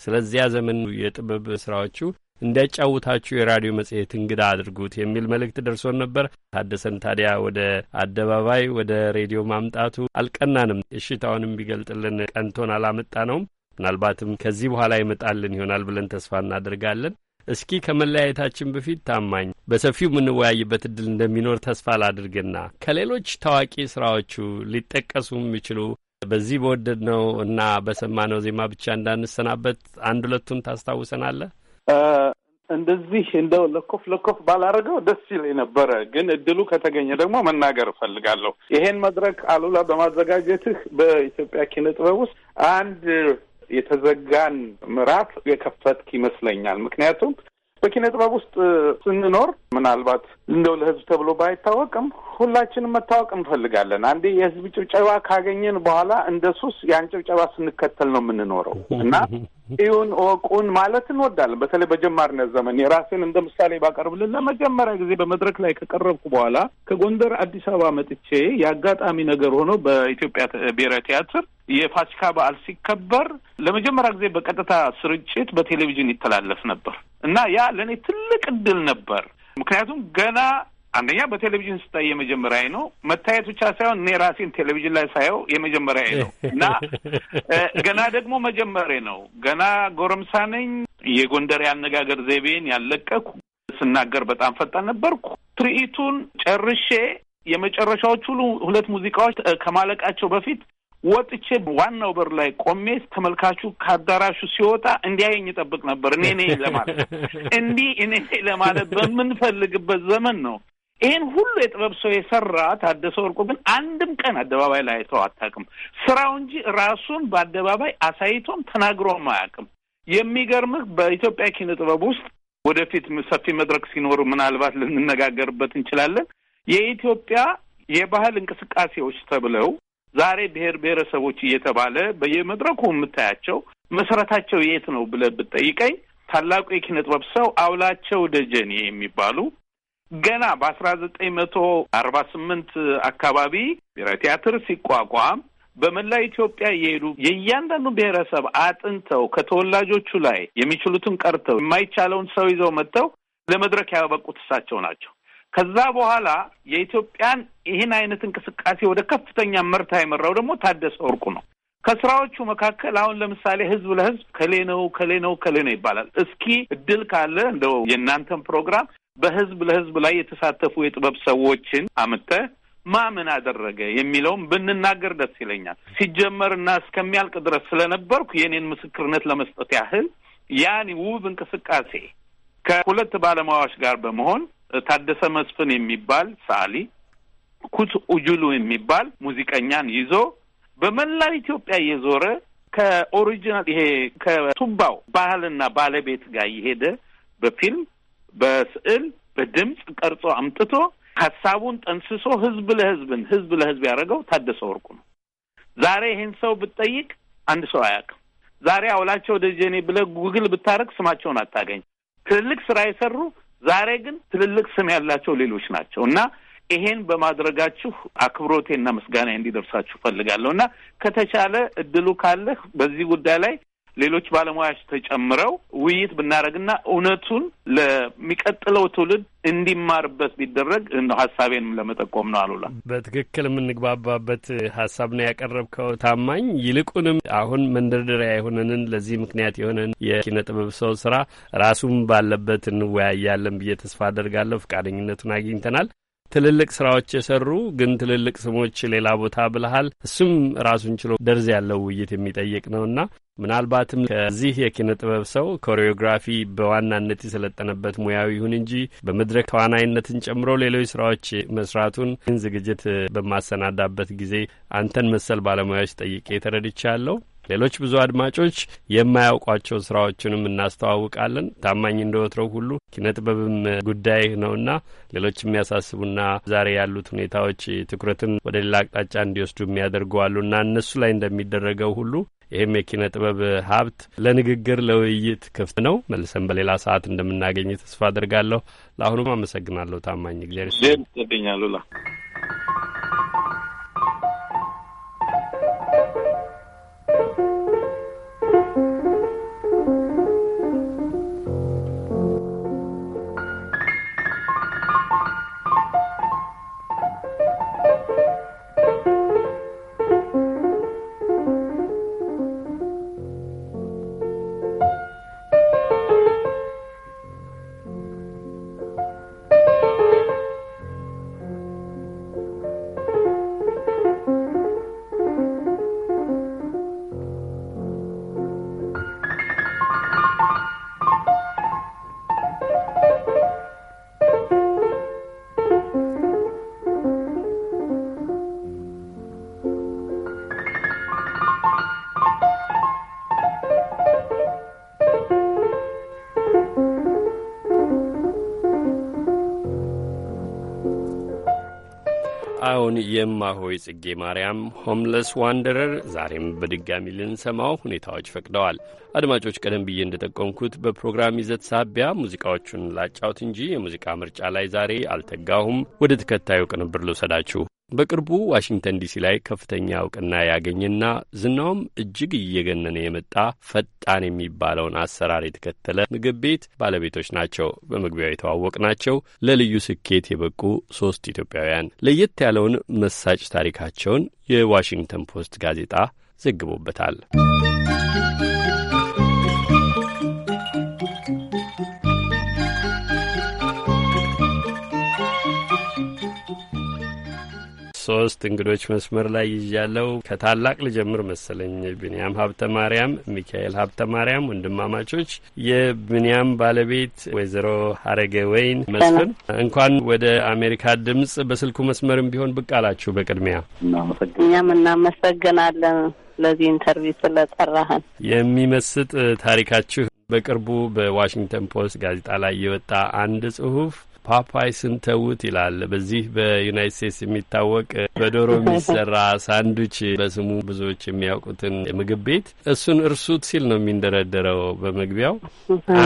ስለዚያ ዘመን የጥበብ ስራዎቹ እንዲያጫውታችሁ የራዲዮ መጽሔት እንግዳ አድርጉት የሚል መልእክት ደርሶን ነበር። ታደሰን ታዲያ ወደ አደባባይ ወደ ሬዲዮ ማምጣቱ አልቀናንም። እሽታውንም ቢገልጥልን ቀንቶን አላመጣ ነውም። ምናልባትም ከዚህ በኋላ ይመጣልን ይሆናል ብለን ተስፋ እናደርጋለን። እስኪ ከመለያየታችን በፊት ታማኝ በሰፊው የምንወያይበት እድል እንደሚኖር ተስፋ ላድርግና ከሌሎች ታዋቂ ስራዎቹ ሊጠቀሱ የሚችሉ በዚህ በወደድነው እና በሰማነው ዜማ ብቻ እንዳንሰናበት አንድ ሁለቱን ታስታውሰናለህ? እንደዚህ እንደው ለኮፍ ለኮፍ ባላረገው ደስ ሲል የነበረ ግን እድሉ ከተገኘ ደግሞ መናገር እፈልጋለሁ። ይሄን መድረክ አሉላ በማዘጋጀትህ በኢትዮጵያ ኪነ ጥበብ ውስጥ አንድ የተዘጋን ምዕራፍ የከፈትክ ይመስለኛል። ምክንያቱም በኪነ ጥበብ ውስጥ ስንኖር ምናልባት እንደው ለህዝብ ተብሎ ባይታወቅም ሁላችንም መታወቅ እንፈልጋለን። አንዴ የህዝብ ጭብጨባ ካገኘን በኋላ እንደ ሱስ ያን ጭብጨባ ስንከተል ነው የምንኖረው እና ይሁን ወቁን ማለት እንወዳለን። በተለይ በጀማሪነት ዘመን የራሴን እንደ ምሳሌ ባቀርብልን ለመጀመሪያ ጊዜ በመድረክ ላይ ከቀረብኩ በኋላ ከጎንደር አዲስ አበባ መጥቼ የአጋጣሚ ነገር ሆኖ በኢትዮጵያ ብሔራዊ ቲያትር የፋሲካ በዓል ሲከበር ለመጀመሪያ ጊዜ በቀጥታ ስርጭት በቴሌቪዥን ይተላለፍ ነበር እና ያ ለእኔ ትልቅ እድል ነበር። ምክንያቱም ገና አንደኛ በቴሌቪዥን ስታይ የመጀመሪያ ነው መታየት ብቻ ሳይሆን እኔ ራሴን ቴሌቪዥን ላይ ሳየው የመጀመሪያ ነው እና ገና ደግሞ መጀመሪያ ነው። ገና ጎረምሳ ነኝ። የጎንደር የአነጋገር ዘይቤን ያለቀኩ ስናገር በጣም ፈጣን ነበርኩ። ትርኢቱን ጨርሼ የመጨረሻዎች ሁሉ ሁለት ሙዚቃዎች ከማለቃቸው በፊት ወጥቼ ዋናው በር ላይ ቆሜ ተመልካቹ ከአዳራሹ ሲወጣ እንዲያየኝ ይጠብቅ ነበር። እኔ እኔ ለማለት እንዲህ እኔ ለማለት በምንፈልግበት ዘመን ነው ይህን ሁሉ የጥበብ ሰው የሰራ ታደሰ ወርቁ ግን አንድም ቀን አደባባይ ላይ አይተው አታውቅም። ስራው እንጂ ራሱን በአደባባይ አሳይቶም ተናግሮም አያውቅም። የሚገርምህ በኢትዮጵያ ኪነ ጥበብ ውስጥ ወደፊት ሰፊ መድረክ ሲኖር ምናልባት ልንነጋገርበት እንችላለን። የኢትዮጵያ የባህል እንቅስቃሴዎች ተብለው ዛሬ ብሔር ብሔረሰቦች እየተባለ በየመድረኩ የምታያቸው መሰረታቸው የት ነው ብለህ ብትጠይቀኝ ታላቁ የኪነ ጥበብ ሰው አውላቸው ደጀኔ የሚባሉ ገና በአስራ ዘጠኝ መቶ አርባ ስምንት አካባቢ ብሔራዊ ቲያትር ሲቋቋም በመላ ኢትዮጵያ እየሄዱ የእያንዳንዱ ብሔረሰብ አጥንተው ከተወላጆቹ ላይ የሚችሉትን ቀርተው የማይቻለውን ሰው ይዘው መጥተው ለመድረክ ያበቁት እሳቸው ናቸው። ከዛ በኋላ የኢትዮጵያን ይህን አይነት እንቅስቃሴ ወደ ከፍተኛ መርታ የመራው ደግሞ ታደሰ ወርቁ ነው። ከስራዎቹ መካከል አሁን ለምሳሌ ህዝብ ለህዝብ ከሌ ነው ከሌ ነው ከሌ ነው ይባላል። እስኪ እድል ካለ እንደው የእናንተን ፕሮግራም በህዝብ ለህዝብ ላይ የተሳተፉ የጥበብ ሰዎችን አምተ ማምን አደረገ የሚለውም ብንናገር ደስ ይለኛል። ሲጀመር እና እስከሚያልቅ ድረስ ስለነበርኩ የኔን ምስክርነት ለመስጠት ያህል ያን ውብ እንቅስቃሴ ከሁለት ባለሙያዎች ጋር በመሆን ታደሰ መስፍን የሚባል ሰዓሊ፣ ኩት ኡጁሉ የሚባል ሙዚቀኛን ይዞ በመላው ኢትዮጵያ እየዞረ ከኦሪጂናል ይሄ ከቱባው ባህልና ባለቤት ጋር እየሄደ በፊልም በስዕል በድምፅ ቀርጾ አምጥቶ ሀሳቡን ጠንስሶ ህዝብ ለህዝብን ህዝብ ለህዝብ ያደረገው ታደሰ ወርቁ ነው። ዛሬ ይህን ሰው ብትጠይቅ አንድ ሰው አያውቅም። ዛሬ አውላቸው ደጀኔ ብለህ ጉግል ብታደርግ ስማቸውን አታገኝ። ትልልቅ ስራ የሰሩ ዛሬ ግን ትልልቅ ስም ያላቸው ሌሎች ናቸው እና ይሄን በማድረጋችሁ አክብሮቴና ምስጋና እንዲደርሳችሁ ፈልጋለሁ እና ከተቻለ እድሉ ካለህ በዚህ ጉዳይ ላይ ሌሎች ባለሙያዎች ተጨምረው ውይይት ብናደርግና እውነቱን ለሚቀጥለው ትውልድ እንዲማርበት ቢደረግ ነው ሀሳቤንም ለመጠቆም ነው። አሉላ በትክክል የምንግባባበት ሀሳብ ነው ያቀረብከው ታማኝ። ይልቁንም አሁን መንደርደሪያ የሆነንን ለዚህ ምክንያት የሆነን የኪነ ጥበብ ሰው ስራ ራሱም ባለበት እንወያያለን ብዬ ተስፋ አደርጋለሁ። ፈቃደኝነቱን አግኝተናል። ትልልቅ ስራዎች የሰሩ ግን ትልልቅ ስሞች ሌላ ቦታ ብልሃል። እሱም ራሱን ችሎ ደርዝ ያለው ውይይት የሚጠይቅ ነውና ምናልባትም ከዚህ የኪነ ጥበብ ሰው ኮሪዮግራፊ በዋናነት የሰለጠነበት ሙያዊ ይሁን እንጂ በመድረክ ተዋናይነትን ጨምሮ ሌሎች ስራዎች መስራቱን ዝግጅት በማሰናዳበት ጊዜ አንተን መሰል ባለሙያዎች ጠይቄ ተረድቻለሁ። ሌሎች ብዙ አድማጮች የማያውቋቸው ስራዎችንም እናስተዋውቃለን። ታማኝ እንደ ወትረው ሁሉ ኪነጥበብም ጉዳይ ነውና ሌሎች የሚያሳስቡና ዛሬ ያሉት ሁኔታዎች ትኩረትን ወደ ሌላ አቅጣጫ እንዲወስዱ የሚያደርገዋሉና እነሱ ላይ እንደሚደረገው ሁሉ ይህም የኪነ ጥበብ ሀብት ለንግግር ለውይይት ክፍት ነው። መልሰን በሌላ ሰዓት እንደምናገኝ ተስፋ አድርጋለሁ። ለአሁኑም አመሰግናለሁ ታማኝ። እግዚአብሔር ይስጥልኝ የመጣውን የማሆይ ጽጌ ማርያም ሆምለስ ዋንደረር ዛሬም በድጋሚ ልንሰማው ሁኔታዎች ፈቅደዋል። አድማጮች፣ ቀደም ብዬ እንደጠቆምኩት በፕሮግራም ይዘት ሳቢያ ሙዚቃዎቹን ላጫውት እንጂ የሙዚቃ ምርጫ ላይ ዛሬ አልተጋሁም። ወደ ተከታዩ ቅንብር ልውሰዳችሁ። በቅርቡ ዋሽንግተን ዲሲ ላይ ከፍተኛ እውቅና ያገኝና ዝናውም እጅግ እየገነነ የመጣ ፈጣን የሚባለውን አሰራር የተከተለ ምግብ ቤት ባለቤቶች ናቸው። በመግቢያው የተዋወቅ ናቸው። ለልዩ ስኬት የበቁ ሶስት ኢትዮጵያውያን ለየት ያለውን መሳጭ ታሪካቸውን የዋሽንግተን ፖስት ጋዜጣ ዘግቦበታል። ሶስት እንግዶች መስመር ላይ ይዣለው። ከታላቅ ልጀምር መሰለኝ። ብንያም ሀብተ ማርያም፣ ሚካኤል ሀብተ ማርያም ወንድማማቾች። የብንያም ባለቤት ወይዘሮ ሀረገ ወይን መስፍን፣ እንኳን ወደ አሜሪካ ድምጽ በስልኩ መስመርም ቢሆን ብቅ አላችሁ። በቅድሚያ እኛም እናመሰግናለን ለዚህ ኢንተርቪው ስለጠራህን። የሚመስጥ ታሪካችሁ በቅርቡ በዋሽንግተን ፖስት ጋዜጣ ላይ የወጣ አንድ ጽሁፍ ፓፓይ ስንተውት ይላል። በዚህ በዩናይት ስቴትስ የሚታወቅ በዶሮ የሚሰራ ሳንዱች በስሙ ብዙዎች የሚያውቁትን ምግብ ቤት እሱን እርሱት ሲል ነው የሚንደረደረው በመግቢያው።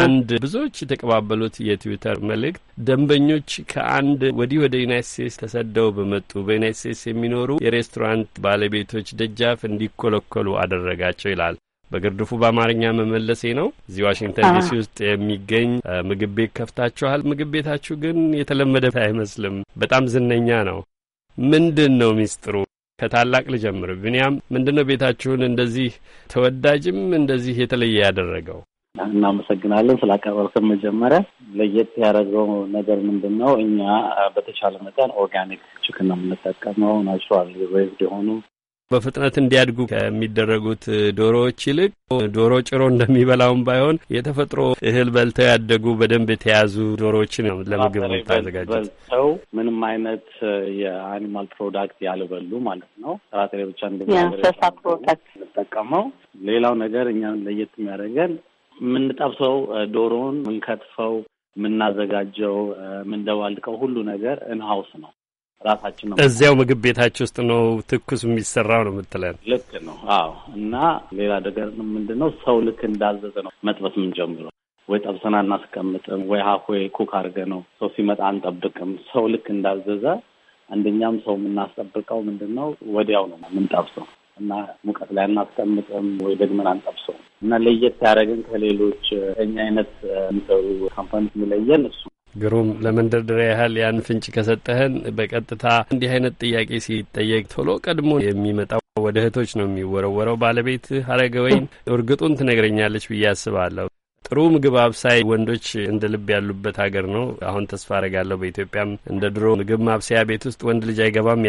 አንድ ብዙዎች የተቀባበሉት የትዊተር መልእክት ደንበኞች ከአንድ ወዲህ ወደ ዩናይት ስቴትስ ተሰደው በመጡ በዩናይት ስቴትስ የሚኖሩ የሬስቶራንት ባለቤቶች ደጃፍ እንዲኮለኮሉ አደረጋቸው ይላል። በግርድፉ በአማርኛ መመለሴ ነው። እዚህ ዋሽንግተን ዲሲ ውስጥ የሚገኝ ምግብ ቤት ከፍታችኋል። ምግብ ቤታችሁ ግን የተለመደ አይመስልም፣ በጣም ዝነኛ ነው። ምንድን ነው ሚስጥሩ? ከታላቅ ልጀምር። ብንያም፣ ምንድን ነው ቤታችሁን እንደዚህ ተወዳጅም እንደዚህ የተለየ ያደረገው? እናመሰግናለን ስላቀረብክን። መጀመሪያ ለየት ያደረገው ነገር ምንድን ነው? እኛ በተቻለ መጠን ኦርጋኒክ ችክን ነው የምንጠቀመው። ናቹራል ሬዝድ የሆኑ በፍጥነት እንዲያድጉ ከሚደረጉት ዶሮዎች ይልቅ ዶሮ ጭሮ እንደሚበላውም ባይሆን የተፈጥሮ እህል በልተው ያደጉ በደንብ የተያዙ ዶሮዎችን ነው ለምግብ የምታዘጋጀው። በልተው ምንም አይነት የአኒማል ፕሮዳክት ያልበሉ ማለት ነው። ጥራጥሬ ብቻ እንድሳ ፕሮዳክት እንጠቀመው። ሌላው ነገር እኛን ለየት የሚያደርገን የምንጠብሰው ዶሮውን የምንከትፈው የምናዘጋጀው የምንደባልቀው ሁሉ ነገር እንሀውስ ነው። ራሳችን ነው እዚያው ምግብ ቤታችሁ ውስጥ ነው ትኩስ የሚሰራው ነው የምትለን? ልክ ነው። አዎ። እና ሌላ ነገር ምንድን ነው ሰው ልክ እንዳዘዘ ነው መጥበስ የምንጀምረው። ወይ ጠብሰና እናስቀምጥም፣ ወይ ሀኮይ ኩክ አድርገ ነው ሰው ሲመጣ አንጠብቅም። ሰው ልክ እንዳዘዘ አንደኛም ሰው የምናስጠብቀው ምንድን ነው ወዲያው ነው የምንጠብሰው እና ሙቀት ላይ እናስቀምጥም ወይ ደግመን አንጠብሰው እና ለየት ያደረግን ከሌሎች እኛ አይነት የሚሰሩ ካምፓኒ የሚለየን እሱ ግሩም ለመንደርደሪያ ያህል ያን ፍንጭ ከሰጠህን፣ በቀጥታ እንዲህ አይነት ጥያቄ ሲጠየቅ ቶሎ ቀድሞ የሚመጣው ወደ እህቶች ነው የሚወረወረው። ባለቤት ሀረገ ወይን እርግጡን ትነግረኛለች ብዬ አስባለሁ። ጥሩ ምግብ አብሳይ ወንዶች እንደ ልብ ያሉበት ሀገር ነው። አሁን ተስፋ አረጋለሁ በኢትዮጵያም እንደ ድሮ ምግብ ማብሰያ ቤት ውስጥ ወንድ ልጅ አይገባም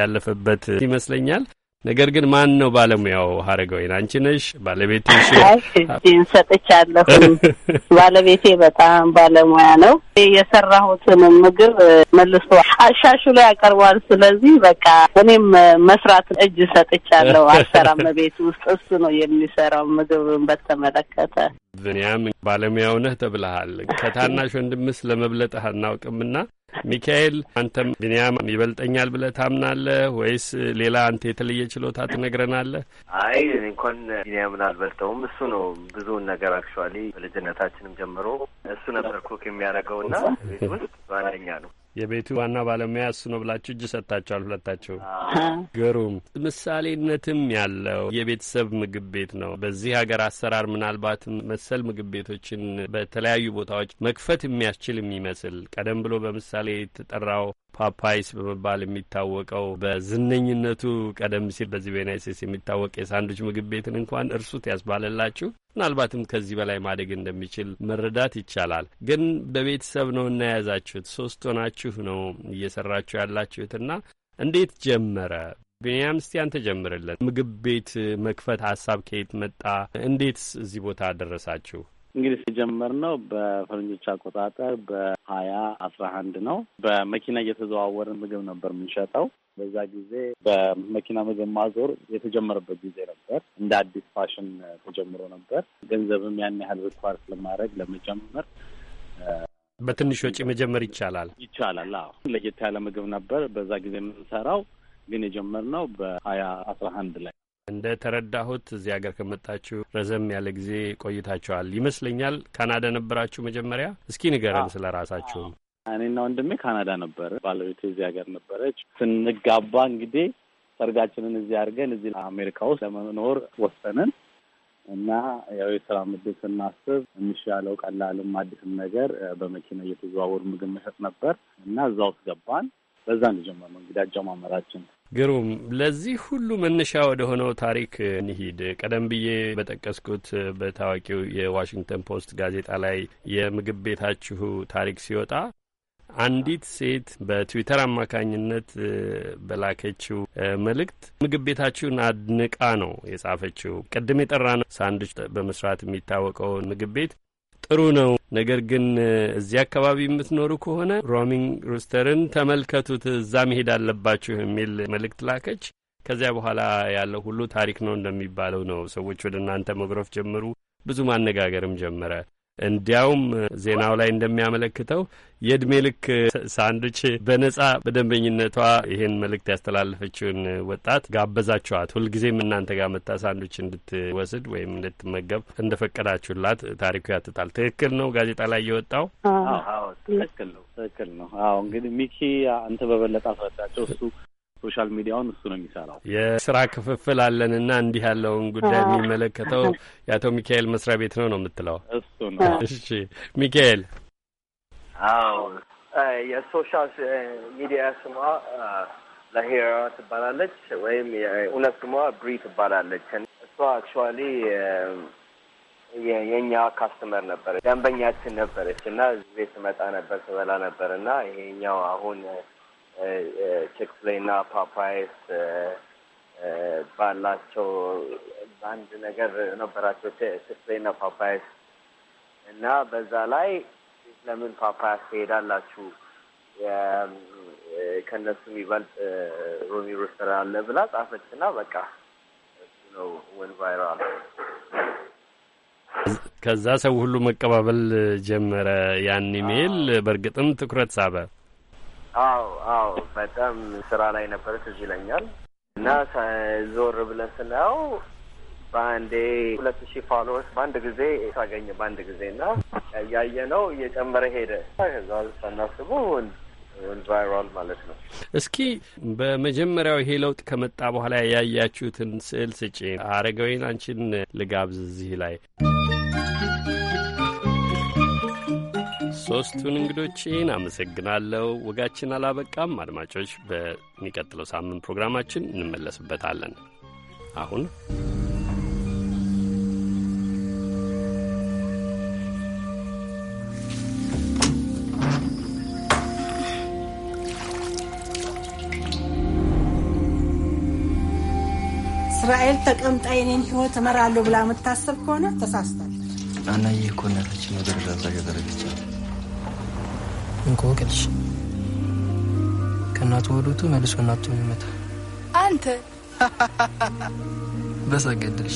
ያለፈበት ይመስለኛል። ነገር ግን ማን ነው ባለሙያው? ሀረገወይን አንቺ ነሽ? ባለቤቴ እጅን ሰጥቻለሁ። ባለቤቴ በጣም ባለሙያ ነው። የሰራሁትን ምግብ መልሶ አሻሹ ላይ ያቀርቧል። ስለዚህ በቃ እኔም መስራት እጅ ሰጥቻለሁ። አሰራም ቤት ውስጥ እሱ ነው የሚሰራው። ምግብን በተመለከተ ብንያም ባለሙያው ነህ ተብለሃል። ከታናሽ ወንድምስ ለመብለጥህ አናውቅምና ሚካኤል፣ አንተም ቢንያም ይበልጠኛል ብለህ ታምናለህ ወይስ ሌላ አንተ የተለየ ችሎታ ትነግረናለህ? አይ እንኳን ቢንያምን አልበልጠውም። እሱ ነው ብዙውን ነገር አክቹዋሊ በልጅነታችንም ጀምሮ እሱ ነበር ኩክ ቤት ውስጥ በአንደኛ ነው የቤቱ ዋና ባለሙያ እሱ ነው ብላችሁ እጅ ሰጥታችኋል ሁለታችሁ። ግሩም ምሳሌነትም ያለው የቤተሰብ ምግብ ቤት ነው። በዚህ ሀገር አሰራር ምናልባትም መሰል ምግብ ቤቶችን በተለያዩ ቦታዎች መክፈት የሚያስችል የሚመስል ቀደም ብሎ በምሳሌ የተጠራው ፓፓይስ በመባል የሚታወቀው በዝነኝነቱ ቀደም ሲል በዚህ በዩናይት ስቴትስ የሚታወቅ የሳንዱች ምግብ ቤትን እንኳን እርሱት ያስባለላችሁ። ምናልባትም ከዚህ በላይ ማደግ እንደሚችል መረዳት ይቻላል። ግን በቤተሰብ ነው እና የያዛችሁት ሶስት ሆናችሁ ነው እየሰራችሁ ያላችሁትና እንዴት ጀመረ? ቢንያም እስቲ አንተ ጀምርልን። ምግብ ቤት መክፈት ሀሳብ ከየት መጣ? እንዴትስ እዚህ ቦታ ደረሳችሁ? እንግዲህ የጀመርነው በፈረንጆች አቆጣጠር በሀያ አስራ አንድ ነው። በመኪና እየተዘዋወርን ምግብ ነበር የምንሸጠው። በዛ ጊዜ በመኪና ምግብ ማዞር የተጀመረበት ጊዜ ነበር። እንደ አዲስ ፋሽን ተጀምሮ ነበር። ገንዘብም ያን ያህል ሪኳር ስለማድረግ ለመጀመር በትንሽ ወጪ መጀመር ይቻላል ይቻላል። አዎ ለየት ያለ ምግብ ነበር በዛ ጊዜ የምንሰራው። ግን የጀመርነው በሀያ አስራ አንድ ላይ እንደ ተረዳሁት እዚህ ሀገር ከመጣችሁ ረዘም ያለ ጊዜ ቆይታችኋል ይመስለኛል። ካናዳ ነበራችሁ መጀመሪያ? እስኪ ንገረን ስለ ራሳችሁ። እኔና ወንድሜ ካናዳ ነበር፣ ባለቤቴ እዚህ ሀገር ነበረች። ስንጋባ እንግዲህ ሰርጋችንን እዚህ አድርገን እዚህ አሜሪካ ውስጥ ለመኖር ወሰንን እና ያው የስራ ምድብ ስናስብ የሚሻለው ቀላልም አዲስም ነገር በመኪና እየተዘዋወሩ ምግብ መሸጥ ነበር እና እዛ ውስጥ ገባን። በዛ ነው እንግዲህ አጀማመራችን። ግሩም ለዚህ ሁሉ መነሻ ወደ ሆነው ታሪክ እንሂድ። ቀደም ብዬ በጠቀስኩት በታዋቂው የዋሽንግተን ፖስት ጋዜጣ ላይ የምግብ ቤታችሁ ታሪክ ሲወጣ አንዲት ሴት በትዊተር አማካኝነት በላከችው መልእክት ምግብ ቤታችሁን አድንቃ ነው የጻፈችው። ቅድም የጠራ ነው ሳንድች በመስራት የሚታወቀውን ምግብ ቤት ጥሩ ነው። ነገር ግን እዚህ አካባቢ የምትኖሩ ከሆነ ሮሚንግ ሩስተርን ተመልከቱት፣ እዛ መሄድ አለባችሁ የሚል መልእክት ላከች። ከዚያ በኋላ ያለው ሁሉ ታሪክ ነው እንደሚባለው ነው። ሰዎች ወደ እናንተ መጉረፍ ጀመሩ። ብዙ ማነጋገርም ጀመረ። እንዲያውም ዜናው ላይ እንደሚያመለክተው የእድሜ ልክ ሳንዱች በነጻ በደንበኝነቷ ይህን መልእክት ያስተላለፈችውን ወጣት ጋበዛችኋት። ሁልጊዜም እናንተ ጋር መታ ሳንዱች እንድትወስድ ወይም እንድትመገብ እንደፈቀዳችሁላት ታሪኩ ያትታል። ትክክል ነው። ጋዜጣ ላይ የወጣው ትክክል ነው። ትክክል ነው። አዎ እንግዲህ ሚኪ አንተ በበለጠ አስረዳቸው እሱ ሶሻል ሚዲያውን እሱ ነው የሚሰራው። የስራ ክፍፍል አለንና እንዲህ ያለውን ጉዳይ የሚመለከተው የአቶ ሚካኤል መስሪያ ቤት ነው ነው የምትለው እሱ ነው። እሺ ሚካኤል። አዎ የሶሻል ሚዲያ ስሟ ለሄራ ትባላለች፣ ወይም የእውነት ስሟ ብሪ ትባላለች። እሷ አክቹዋሊ የእኛ ካስተመር ነበረች፣ ደንበኛችን ነበረች እና እዚህ ቤት ትመጣ ነበር፣ ትበላ ነበር እና ይሄኛው አሁን ቼክፕሌና ፓፓይስ ባላቸው በአንድ ነገር ነበራቸው። ቼክፕሌና ፓፓይስ እና በዛ ላይ ለምን ፓፓያስ ትሄዳላችሁ? ከእነሱ የሚበልጥ ሮሚ ሮስተር አለ ብላ ጻፈችና በቃ ነው ወን ቫይራል። ከዛ ሰው ሁሉ መቀባበል ጀመረ ያን ኢሜይል በእርግጥም ትኩረት ሳበ። አዎ አዎ፣ በጣም ስራ ላይ ነበር ትዝ ይለኛል። እና ዞር ብለን ስናየው በአንዴ ሁለት ሺህ ፋሎወርስ በአንድ ጊዜ ታገኘ በአንድ ጊዜ እና ነው እየጨመረ ሄደ። ከዛ ሳናስቡ ቫይራል ማለት ነው። እስኪ በመጀመሪያው ይሄ ለውጥ ከመጣ በኋላ ያያችሁትን ስዕል ስጪ። አረጋዊን አንቺን ልጋብዝ እዚህ ላይ ሶስቱን እንግዶቼን አመሰግናለሁ። ወጋችን አላበቃም አድማጮች፣ በሚቀጥለው ሳምንት ፕሮግራማችን እንመለስበታለን። አሁን እስራኤል ተቀምጣ የኔን ሕይወት እመራለሁ ብላ የምታስብ ከሆነ ተሳስታል። አናዬ እኮ እናታችን ወደ እንቆቅልሽ ከእናቱ ወዶቱ መልሶ እናቱ የሚመታ አንተ በሳገድልሽ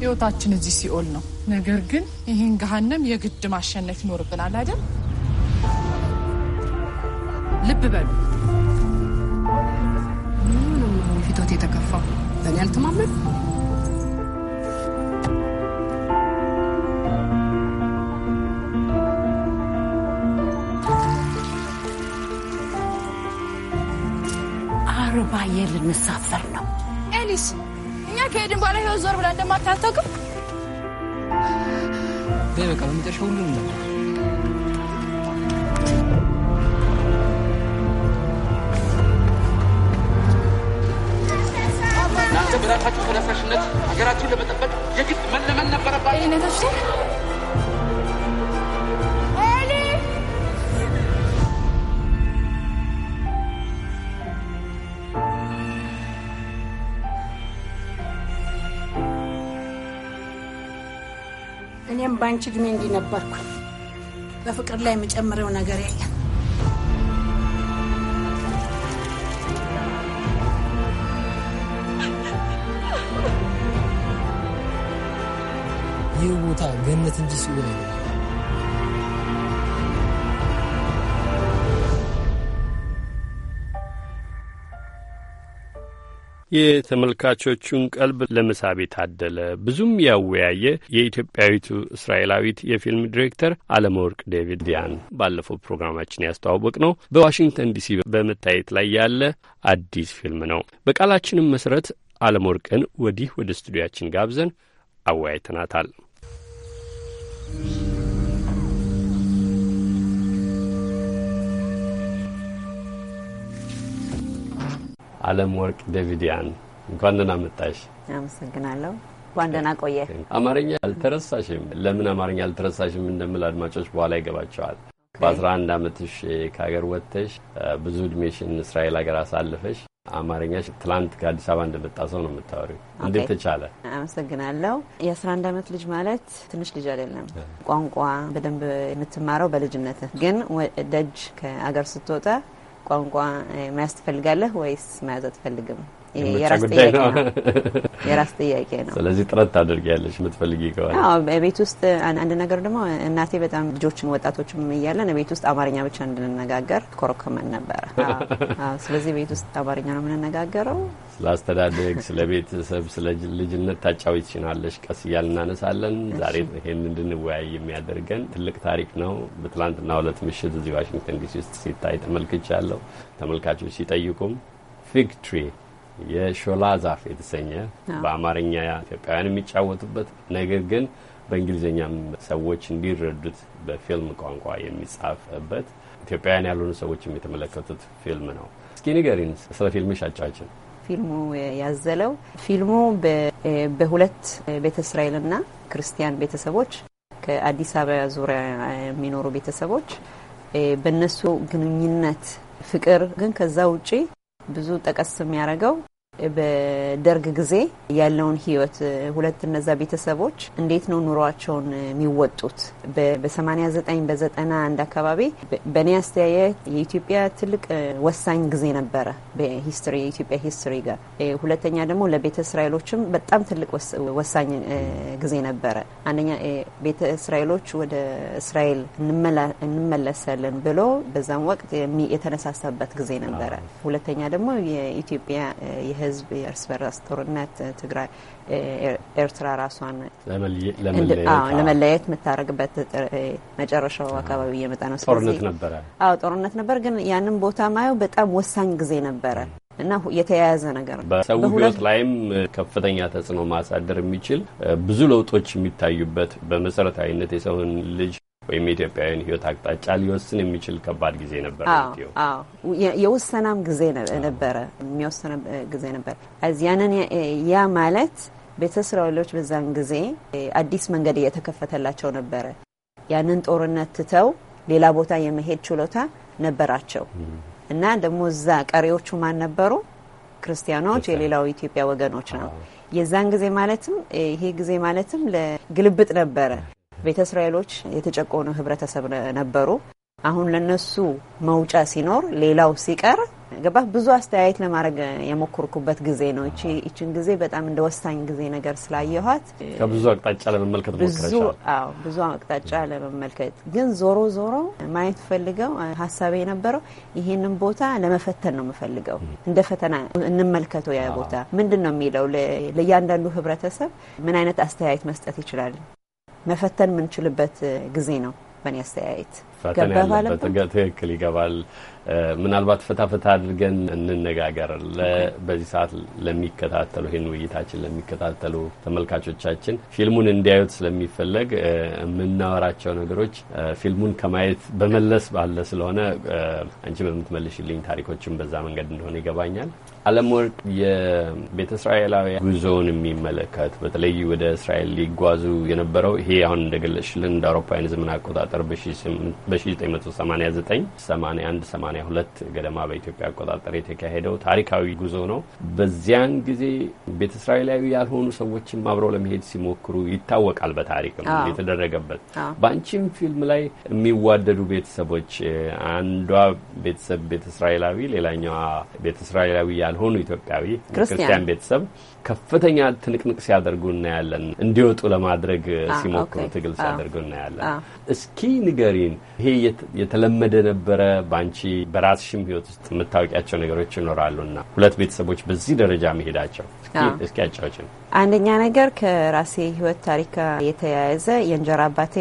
ህይወታችን እዚህ ሲኦል ነው። ነገር ግን ይህን ገሃነም የግድ ማሸነፍ ይኖርብናል አይደል? ልብ በሉ ፊቶት የተከፋ በእኔ አልተማመን yerlerini saflarına. En niye Ya kedim bari hızlar bilen de matan takım. Değil mi kalın bir de şovluyum ben. እናንተ ብራታችሁ ተነሳሽነት ሀገራችሁን ለመጠበቅ የግድ መለመን ነበረባችሁ። ይህ ነገሮች በአንቺ እድሜ እንዲህ ነበርኩ። በፍቅር ላይ የምጨምረው ነገር የለም። ይህ ቦታ ገነት እንጂ ሲሆን የተመልካቾቹን ቀልብ ለመሳብ የታደለ ብዙም ያወያየ የኢትዮጵያዊቱ እስራኤላዊት የፊልም ዲሬክተር አለመወርቅ ዴቪድ ያን ባለፈው ፕሮግራማችን ያስተዋወቅ ነው በዋሽንግተን ዲሲ በመታየት ላይ ያለ አዲስ ፊልም ነው። በቃላችንም መሰረት አለመወርቅን ወዲህ ወደ ስቱዲያችን ጋብዘን አወያይተናታል። አለም ወርቅ ዴቪዲያን እንኳን ደህና መጣሽ። አመሰግናለሁ። እንኳን ደህና ቆየ። አማርኛ አልተረሳሽም። ለምን አማርኛ አልተረሳሽም እንደምል አድማጮች በኋላ ይገባቸዋል። በአስራ አንድ አመትሽ ከሀገር ወጥተሽ ብዙ እድሜሽን እስራኤል ሀገር አሳልፈሽ አማርኛ ትላንት ከአዲስ አበባ እንደመጣ ሰው ነው የምታወሪው። እንዴት ተቻለ? አመሰግናለሁ። የአስራ አንድ አመት ልጅ ማለት ትንሽ ልጅ አይደለም። ቋንቋ በደንብ የምትማረው በልጅነትህ፣ ግን ደጅ ከአገር ስትወጣ ቋንቋ መያዝ ትፈልጋለህ ወይስ መያዝ አትፈልግም? የራስ ጥያቄ ነው። ስለዚህ ጥረት ታደርጊያለሽ የምትፈልጊ ከሆነ። ቤት ውስጥ አንድ ነገር ደግሞ እናቴ በጣም ልጆችን ወጣቶችም እያለን ቤት ውስጥ አማርኛ ብቻ እንድንነጋገር ኮረኮመን ነበረ። ስለዚህ ቤት ውስጥ አማርኛ ነው የምንነጋገረው። ስለ አስተዳደግ፣ ስለ ቤተሰብ፣ ስለ ልጅነት ታጫዊት ሲናለሽ ቀስ እያል እናነሳለን። ዛሬ ይሄን እንድንወያይ የሚያደርገን ትልቅ ታሪክ ነው። በትላንትናው ሁለት ምሽት እዚህ ዋሽንግተን ዲሲ ውስጥ ሲታይ ተመልክቻለሁ። ተመልካቾች ሲጠይቁም ፊግ ትሪ የሾላ ዛፍ የተሰኘ በአማርኛ ኢትዮጵያውያን የሚጫወቱበት ነገር ግን በእንግሊዝኛም ሰዎች እንዲረዱት በፊልም ቋንቋ የሚጻፍበት ኢትዮጵያውያን ያልሆኑ ሰዎችም የተመለከቱት ፊልም ነው። እስኪ ንገሪን ስለ ፊልምሽ አጫችን። ፊልሙ ያዘለው ፊልሙ በሁለት ቤተ እስራኤልና ክርስቲያን ቤተሰቦች ከአዲስ አበባ ዙሪያ የሚኖሩ ቤተሰቦች በእነሱ ግንኙነት ፍቅር ግን ከዛ ውጪ ብዙ ጠቀስ የሚያደርገው በደርግ ጊዜ ያለውን ህይወት ሁለት እነዛ ቤተሰቦች እንዴት ነው ኑሯቸውን የሚወጡት? በሰማኒያ ዘጠኝ በዘጠና አንድ አካባቢ በእኔ አስተያየት የኢትዮጵያ ትልቅ ወሳኝ ጊዜ ነበረ በሂስትሪ የኢትዮጵያ ሂስትሪ ጋር። ሁለተኛ ደግሞ ለቤተ እስራኤሎችም በጣም ትልቅ ወሳኝ ጊዜ ነበረ። አንደኛ ቤተ እስራኤሎች ወደ እስራኤል እንመለሳለን ብሎ በዛም ወቅት የተነሳሳበት ጊዜ ነበረ። ሁለተኛ ደግሞ የኢትዮጵያ ህዝብ የእርስ በርስ ጦርነት ትግራይ ኤርትራ ራሷን ለመለየት የምታደርግበት መጨረሻው አካባቢ እየመጣ ነው። ጦርነት ነበረ። አዎ ጦርነት ነበር። ግን ያንን ቦታ ማየው በጣም ወሳኝ ጊዜ ነበረ እና የተያያዘ ነገር ነው። በሰው ህይወት ላይም ከፍተኛ ተጽዕኖ ማሳደር የሚችል ብዙ ለውጦች የሚታዩበት በመሰረታዊነት የሰውን ልጅ ወይም የኢትዮጵያውያን ህይወት አቅጣጫ ሊወስን የሚችል ከባድ ጊዜ ነበር። የውሰናም ጊዜ ነበረ የሚወሰነ ጊዜ ነበር። ያንን ያ ማለት ቤተ እስራኤሎች በዛን ጊዜ አዲስ መንገድ እየተከፈተላቸው ነበረ። ያንን ጦርነት ትተው ሌላ ቦታ የመሄድ ችሎታ ነበራቸው እና ደግሞ እዛ ቀሪዎቹ ማን ነበሩ? ክርስቲያኖች፣ የሌላው ኢትዮጵያ ወገኖች ነው። የዛን ጊዜ ማለትም ይሄ ጊዜ ማለትም ለግልብጥ ነበረ። ቤተ እስራኤሎች የተጨቆኑ ህብረተሰብ ነበሩ። አሁን ለነሱ መውጫ ሲኖር ሌላው ሲቀር ገባ። ብዙ አስተያየት ለማድረግ የሞከርኩበት ጊዜ ነው። ይችን ጊዜ በጣም እንደ ወሳኝ ጊዜ ነገር ስላየኋት ብዙ አቅጣጫ ለመመልከት ብዙ ብዙ አቅጣጫ ለመመልከት ግን ዞሮ ዞሮ ማየት ፈልገው ሀሳቤ የነበረው ይህንን ቦታ ለመፈተን ነው የምፈልገው። እንደ ፈተና እንመልከተው። ያ ቦታ ምንድን ነው የሚለው ለእያንዳንዱ ህብረተሰብ ምን አይነት አስተያየት መስጠት ይችላል መፈተን የምንችልበት ጊዜ ነው። በእኔ አስተያየት ፈተን ያለበት ትክክል ይገባል። ምናልባት ፈታፈታ አድርገን እንነጋገር። በዚህ ሰዓት ለሚከታተሉ ይህን ውይይታችን ለሚከታተሉ ተመልካቾቻችን ፊልሙን እንዲያዩት ስለሚፈለግ የምናወራቸው ነገሮች ፊልሙን ከማየት በመለስ ባለ ስለሆነ አንቺ በምትመልሽልኝ ታሪኮችን በዛ መንገድ እንደሆነ ይገባኛል። አለም ወርቅ የቤተ እስራኤላውያን ጉዞውን የሚመለከት በተለይ ወደ እስራኤል ሊጓዙ የነበረው ይሄ አሁን እንደገለሽልን እንደ አውሮፓውያን ዘመን አቆጣጠር በ1989 81 82 ገደማ በኢትዮጵያ አቆጣጠር የተካሄደው ታሪካዊ ጉዞ ነው። በዚያን ጊዜ ቤተ እስራኤላዊ ያልሆኑ ሰዎችም አብረው ለመሄድ ሲሞክሩ ይታወቃል። በታሪክም የተደረገበት በአንቺም ፊልም ላይ የሚዋደዱ ቤተሰቦች አንዷ ቤተሰብ ቤተ እስራኤላዊ ሌላኛዋ ቤተ እስራኤላዊ ያልሆኑ ኢትዮጵያዊ ክርስቲያን ቤተሰብ ከፍተኛ ትንቅንቅ ሲያደርጉ እናያለን። እንዲወጡ ለማድረግ ሲሞክሩ ትግል ሲያደርጉ እናያለን። እስኪ ንገሪን፣ ይሄ የተለመደ ነበረ? በአንቺ በራስሽም ህይወት ውስጥ የምታወቂያቸው ነገሮች ይኖራሉና ሁለት ቤተሰቦች በዚህ ደረጃ መሄዳቸው እስኪ አጫዎችን። አንደኛ ነገር ከራሴ ህይወት ታሪክ የተያያዘ የእንጀራ አባቴ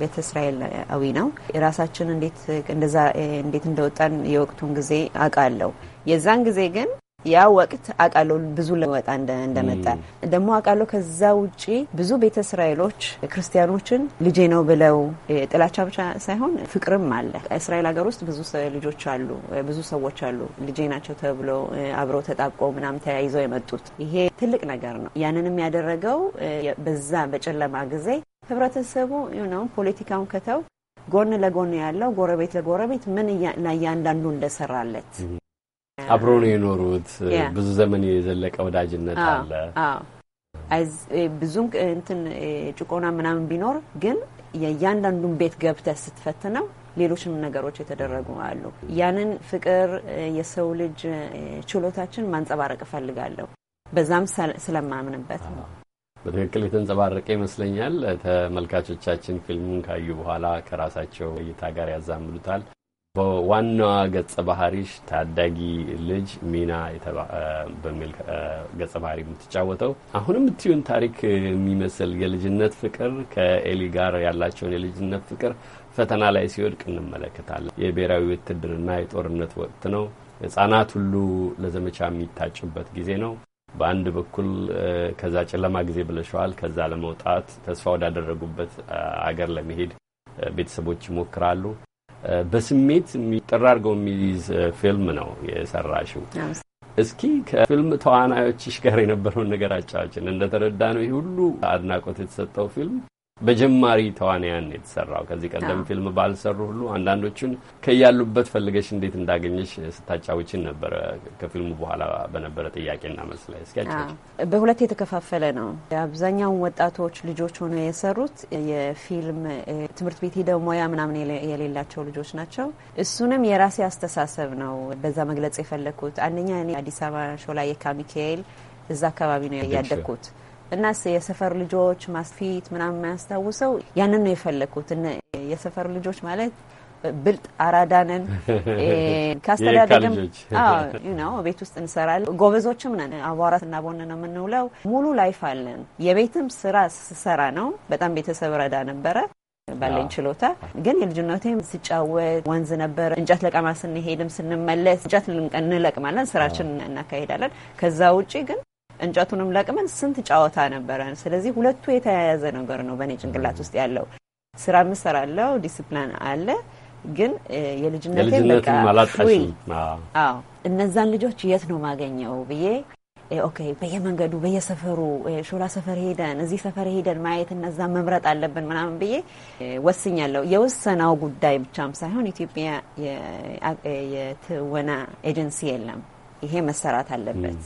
ቤተ እስራኤላዊ ነው። የራሳችን እንዴት እንደወጣን የወቅቱን ጊዜ አውቃለሁ። የዛን ጊዜ ግን ያ ወቅት አቃሎ ብዙ ለወጣ እንደመጣ ደግሞ አቃሎ ከዛ ውጪ ብዙ ቤተ እስራኤሎች ክርስቲያኖችን ልጄ ነው ብለው ጥላቻ ብቻ ሳይሆን ፍቅርም አለ። እስራኤል ሀገር ውስጥ ብዙ ልጆች አሉ፣ ብዙ ሰዎች አሉ ልጄ ናቸው ተብሎ አብረው ተጣብቀው ምናምን ተያይዘው የመጡት ይሄ ትልቅ ነገር ነው። ያንንም ያደረገው በዛ በጨለማ ጊዜ ህብረተሰቡ ነው ፖለቲካውን ከተው ጎን ለጎን ያለው ጎረቤት ለጎረቤት ምን ለእያንዳንዱ እንደሰራለት አብሮ ነው የኖሩት። ብዙ ዘመን የዘለቀ ወዳጅነት አለ። ብዙም እንትን ጭቆና ምናምን ቢኖር ግን የእያንዳንዱን ቤት ገብተህ ስትፈትነው ሌሎችንም ነገሮች የተደረጉ አሉ። ያንን ፍቅር የሰው ልጅ ችሎታችን ማንጸባረቅ እፈልጋለሁ። በዛም ስለማምንበት ነው። በትክክል የተንጸባረቀ ይመስለኛል። ተመልካቾቻችን ፊልሙን ካዩ በኋላ ከራሳቸው እይታ ጋር ያዛምዱታል። በዋናዋ ገጸ ባህሪሽ ታዳጊ ልጅ ሚና በሚል ገጸ ባህሪ የምትጫወተው አሁንም ትዩን ታሪክ የሚመስል የልጅነት ፍቅር ከኤሊ ጋር ያላቸውን የልጅነት ፍቅር ፈተና ላይ ሲወድቅ እንመለከታለን። የብሔራዊ ውትድርና የጦርነት ወቅት ነው። ህጻናት ሁሉ ለዘመቻ የሚታጩበት ጊዜ ነው። በአንድ በኩል ከዛ ጨለማ ጊዜ ብለሸዋል። ከዛ ለመውጣት ተስፋ ወዳደረጉበት አገር ለመሄድ ቤተሰቦች ይሞክራሉ። በስሜት የሚጠራ የሚይዝ ፊልም ነው የሰራሽው። እስኪ ከፊልም ተዋናዮችሽ ጋር የነበረውን ነገር አጫዎችን። እንደተረዳ ነው ይህ ሁሉ አድናቆት የተሰጠው ፊልም በጀማሪ ተዋንያን የተሰራው ከዚህ ቀደም ፊልም ባልሰሩ ሁሉ አንዳንዶቹን ከያሉበት ፈልገሽ እንዴት እንዳገኘሽ ስታጫውችን ነበረ። ከፊልሙ በኋላ በነበረ ጥያቄና መልስ ላይ እስኪያጫውች። በሁለት የተከፋፈለ ነው። አብዛኛውን ወጣቶች ልጆች ሆነው የሰሩት የፊልም ትምህርት ቤት ሂደው ሙያ ምናምን የሌላቸው ልጆች ናቸው። እሱንም የራሴ አስተሳሰብ ነው በዛ መግለጽ የፈለግኩት። አንደኛ እኔ አዲስ አበባ ሾላ የካሚካኤል እዛ አካባቢ ነው ያደግኩት እና የሰፈር ልጆች ማስፊት ምናምን የሚያስታውሰው ያንን ነው የፈለግኩት። የሰፈር ልጆች ማለት ብልጥ አራዳነን ከአስተዳደግም ቤት ውስጥ እንሰራለን፣ ጎበዞችም ነን። አቧራ ቦነ ነው የምንውለው። ሙሉ ላይፍ አለን። የቤትም ስራ ስሰራ ነው። በጣም ቤተሰብ ረዳ ነበረ ባለኝ ችሎታ። ግን የልጅነቴም ስጫወት ወንዝ ነበር እንጨት ለቀማ ስንሄድም ስንመለስ እንጨት እንለቅማለን፣ ስራችን እናካሄዳለን። ከዛ ውጪ ግን እንጨቱንም ለቅመን ስንት ጨዋታ ነበረን። ስለዚህ ሁለቱ የተያያዘ ነገር ነው በእኔ ጭንቅላት ውስጥ ያለው። ስራ ምሰራለው፣ ዲስፕሊን አለ ግን የልጅነቴን በቃ እነዛን ልጆች የት ነው ማገኘው ብዬ ኦኬ፣ በየመንገዱ በየሰፈሩ ሾላ ሰፈር ሄደን እዚህ ሰፈር ሄደን ማየት እነዛ መምረጥ አለብን ምናምን ብዬ ወስኛለሁ። የወሰናው ጉዳይ ብቻም ሳይሆን ኢትዮጵያ የትወና ኤጀንሲ የለም ይሄ መሰራት አለበት።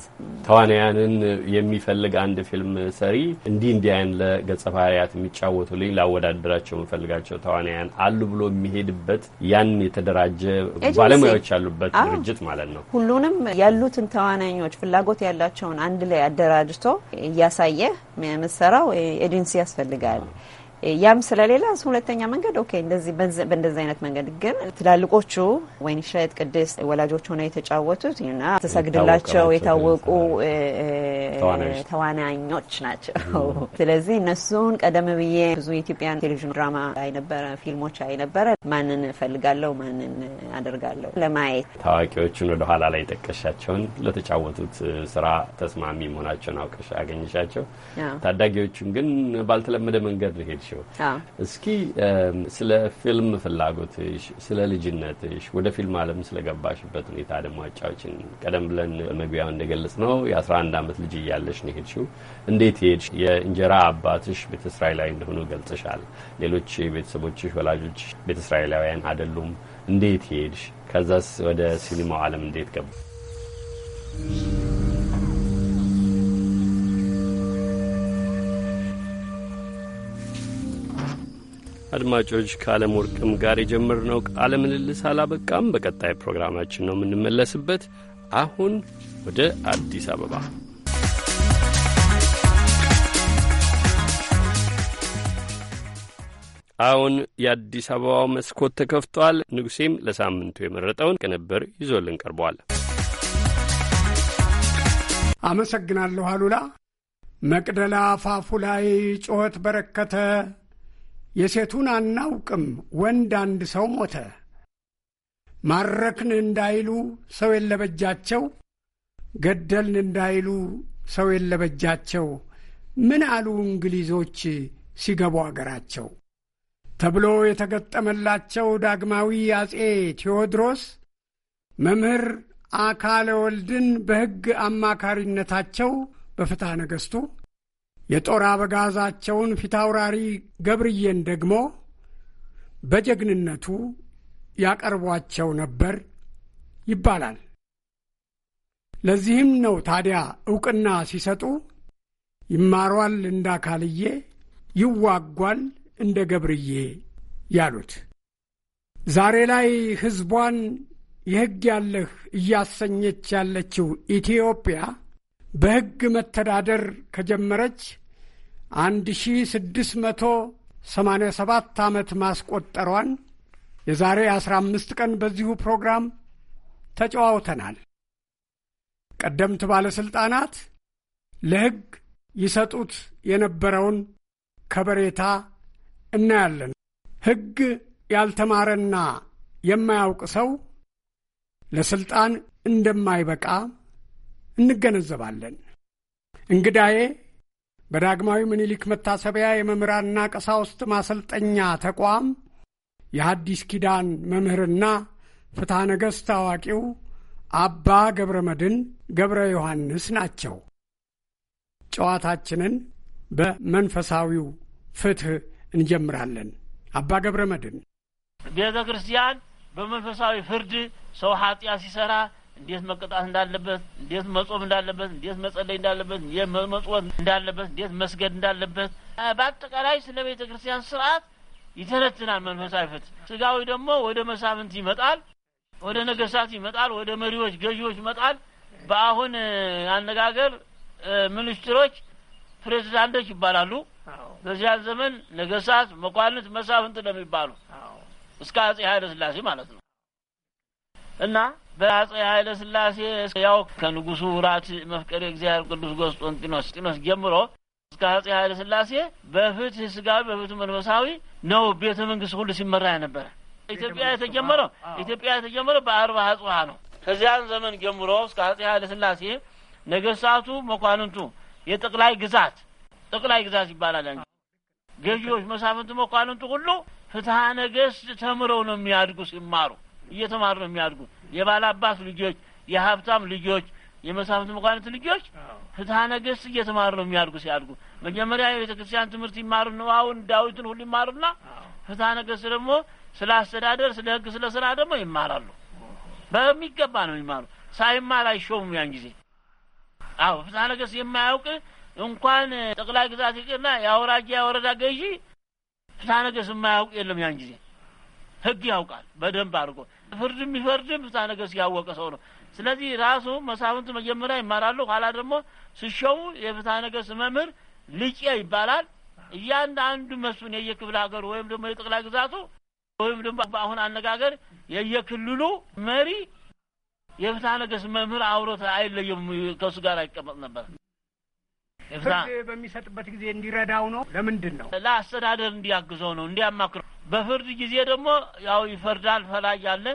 ተዋናያንን የሚፈልግ አንድ ፊልም ሰሪ እንዲህ አይን ለገጸ ባህርያት የሚጫወቱልኝ ላወዳደራቸው የምፈልጋቸው ተዋንያን አሉ ብሎ የሚሄድበት ያን የተደራጀ ባለሙያዎች ያሉበት ድርጅት ማለት ነው። ሁሉንም ያሉትን ተዋናኞች ፍላጎት ያላቸውን አንድ ላይ አደራጅቶ እያሳየ የምትሰራው ኤጀንሲ ያስፈልጋል። ያም ስለሌላ እሱ ሁለተኛ መንገድ ኦኬ፣ እንደዚህ በእንደዚህ አይነት መንገድ ግን ትላልቆቹ ወይንሸት ቅድስት ወላጆች ሆነው የተጫወቱት ና ተሰግድላቸው የታወቁ ተዋናኞች ናቸው። ስለዚህ እነሱን ቀደም ብዬ ብዙ የኢትዮጵያን ቴሌቪዥን ድራማ አይነበረ ፊልሞች አይነበረ ማንን እፈልጋለሁ ማንን አደርጋለሁ ለማየት ታዋቂዎቹን ወደኋላ ላይ ጠቀሻቸውን ለተጫወቱት ስራ ተስማሚ መሆናቸውን አውቀሻ አገኘሻቸው። ታዳጊዎቹን ግን ባልተለመደ መንገድ ሄድ ያለሽው። እስኪ ስለ ፊልም ፍላጎትሽ፣ ስለ ልጅነትሽ፣ ወደ ፊልም አለም ስለገባሽበት ሁኔታ ደግሞ አጫዎችን ቀደም ብለን መግቢያው እንደገለጽ ነው የ11 ዓመት ልጅ እያለሽ ነው ሄድሽው። እንዴት ሄድሽ? የእንጀራ አባትሽ ቤተ እስራኤላዊ እንደሆኑ ገልጽሻል። ሌሎች ቤተሰቦችሽ፣ ወላጆች ቤተ እስራኤላውያን አይደሉም። እንዴት ሄድሽ? ከዛስ ወደ ሲኒማው አለም እንዴት ገባ? አድማጮች ከዓለም ወርቅም ጋር የጀመርነው ቃለ ምልልስ አላበቃም። በቀጣይ ፕሮግራማችን ነው የምንመለስበት። አሁን ወደ አዲስ አበባ አሁን የአዲስ አበባው መስኮት ተከፍቷል። ንጉሴም ለሳምንቱ የመረጠውን ቅንብር ይዞልን ቀርቧል። አመሰግናለሁ አሉላ። መቅደላ አፋፉ ላይ ጩኸት በረከተ የሴቱን አናውቅም ወንድ አንድ ሰው ሞተ። ማረክን እንዳይሉ ሰው የለበጃቸው፣ ገደልን እንዳይሉ ሰው የለበጃቸው። ምን አሉ እንግሊዞች ሲገቡ አገራቸው ተብሎ የተገጠመላቸው ዳግማዊ አጼ ቴዎድሮስ መምህር አካለ ወልድን በሕግ አማካሪነታቸው በፍትሐ ነገሥቱ የጦር አበጋዛቸውን ፊታውራሪ ገብርዬን ደግሞ በጀግንነቱ ያቀርቧቸው ነበር ይባላል። ለዚህም ነው ታዲያ ዕውቅና ሲሰጡ ይማሯል እንዳካልዬ፣ ይዋጓል እንደ ገብርዬ ያሉት። ዛሬ ላይ ሕዝቧን የሕግ ያለህ እያሰኘች ያለችው ኢትዮጵያ በሕግ መተዳደር ከጀመረች አንድ ሺ ስድስት መቶ ሰማንያ ሰባት ዓመት ማስቆጠሯን የዛሬ አስራ አምስት ቀን በዚሁ ፕሮግራም ተጨዋውተናል። ቀደምት ባለሥልጣናት ለሕግ ይሰጡት የነበረውን ከበሬታ እናያለን። ሕግ ያልተማረና የማያውቅ ሰው ለሥልጣን እንደማይበቃ እንገነዘባለን። እንግዳዬ በዳግማዊ ምኒልክ መታሰቢያ የመምህራንና ቀሳውስት ማሰልጠኛ ተቋም የሐዲስ ኪዳን መምህርና ፍትሐ ነገሥት አዋቂው አባ ገብረ መድን ገብረ ዮሐንስ ናቸው። ጨዋታችንን በመንፈሳዊው ፍትህ እንጀምራለን። አባ ገብረ መድን ቤተ ክርስቲያን በመንፈሳዊ ፍርድ ሰው ኃጢአት ሲሠራ እንዴት መቀጣት እንዳለበት፣ እንዴት መጾም እንዳለበት፣ እንዴት መጸለይ እንዳለበት፣ እንዴት እንዳለበት፣ እንዴት መስገድ እንዳለበት በአጠቃላይ ስለ ቤተ ክርስቲያን ስርዓት ይተነትናል። መንፈሳዊ ፍትህ ስጋዊ ደግሞ ወደ መሳፍንት ይመጣል፣ ወደ ነገስታት ይመጣል፣ ወደ መሪዎች ገዢዎች ይመጣል። በአሁን አነጋገር ሚኒስትሮች ፕሬዚዳንቶች ይባላሉ። በዚያን ዘመን ነገስታት፣ መኳንንት፣ መሳፍንት ነው የሚባሉ እስከ አጼ ኃይለ ስላሴ ማለት ነው እና በአጼ ኃይለ ስላሴ ያው ከንጉሱ ውራት መፍቀሬ እግዚአብሔር ቅዱስ ቆስጠንጢኖስ ጢኖስ ጀምሮ እስከ አጼ ኃይለ ስላሴ በፍትህ ስጋዊ በፍትህ መንፈሳዊ ነው ቤተ መንግስት ሁሉ ሲመራ የነበረ። ኢትዮጵያ የተጀመረው ኢትዮጵያ የተጀመረው በአርባ አጽዋ ነው። ከዚያን ዘመን ጀምሮ እስከ አጼ ኃይለ ስላሴ ነገስታቱ፣ መኳንንቱ የጠቅላይ ግዛት ጠቅላይ ግዛት ይባላል። ገዢዎች፣ መሳፍንቱ፣ መኳንንቱ ሁሉ ፍትሀ ነገስት ተምረው ነው የሚያድጉ ሲማሩ እየተማሩ ነው የሚያድጉ የባላባት ልጆች፣ የሀብታም ልጆች፣ የመሳፍንት መኳንንት ልጆች ፍትሐ ነገሥት እየተማሩ ነው የሚያድጉ። ሲያድጉ መጀመሪያ የቤተ ክርስቲያን ትምህርት ይማሩ ነው አሁን ዳዊትን ሁሉ ይማሩና ፍትሐ ነገሥት ደግሞ ስለ አስተዳደር፣ ስለ ህግ፣ ስለ ስራ ደግሞ ይማራሉ። በሚገባ ነው የሚማሩ። ሳይማር አይሾሙም። ያን ጊዜ አዎ ፍትሐ ነገሥት የማያውቅ እንኳን ጠቅላይ ግዛት ይቅርና የአውራጃ የወረዳ ገዢ ፍትሐ ነገሥት የማያውቅ የለም። ያን ጊዜ ህግ ያውቃል በደንብ አድርጎ ፍርድ የሚፈርድም ፍትሐ ነገሥት ያወቀ ሰው ነው። ስለዚህ ራሱ መሳፍንቱ መጀመሪያ ይማራሉ፣ ኋላ ደግሞ ስሸው የፍትሐ ነገሥት መምህር ሊቄ ይባላል። እያንዳንዱ መስፍን የየክፍለ ሀገሩ ወይም ደግሞ የጠቅላይ ግዛቱ ወይም ደግሞ በአሁን አነጋገር የየክልሉ መሪ የፍትሐ ነገሥት መምህር አብሮት አይለየም፣ ከእሱ ጋር አይቀመጥ ነበር። ፍርድ በሚሰጥበት ጊዜ እንዲረዳው ነው። ለምንድን ነው? ለአስተዳደር እንዲያግዘው ነው፣ እንዲያማክረው። በፍርድ ጊዜ ደግሞ ያው ይፈርዳል። ፈላጅ አለ።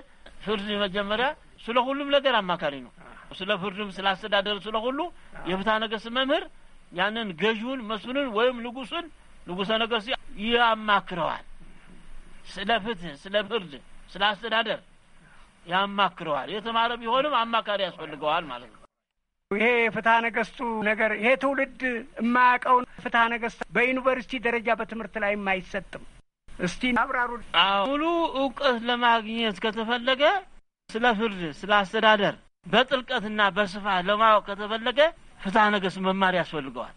ፍርድ መጀመሪያ ስለ ሁሉም ነገር አማካሪ ነው። ስለ ፍርድም ስለ አስተዳደር፣ ስለ ሁሉ የፍትሐ ነገሥት መምህር ያንን ገዥውን መስፍንን ወይም ንጉሱን ንጉሠ ነገሥት ያማክረዋል። ስለ ፍትህ፣ ስለ ፍርድ፣ ስለ አስተዳደር ያማክረዋል። የተማረ ቢሆንም አማካሪ ያስፈልገዋል ማለት ነው። ይሄ የፍትሐ ነገስቱ ነገር ይሄ ትውልድ የማያውቀውን ፍትሐ ነገስት በዩኒቨርሲቲ ደረጃ በትምህርት ላይ አይሰጥም። እስቲ አብራሩ። ሙሉ እውቀት ለማግኘት ከተፈለገ ስለ ፍርድ፣ ስለ አስተዳደር በጥልቀትና በስፋት ለማወቅ ከተፈለገ ፍትሐ ነገስት መማር ያስፈልገዋል።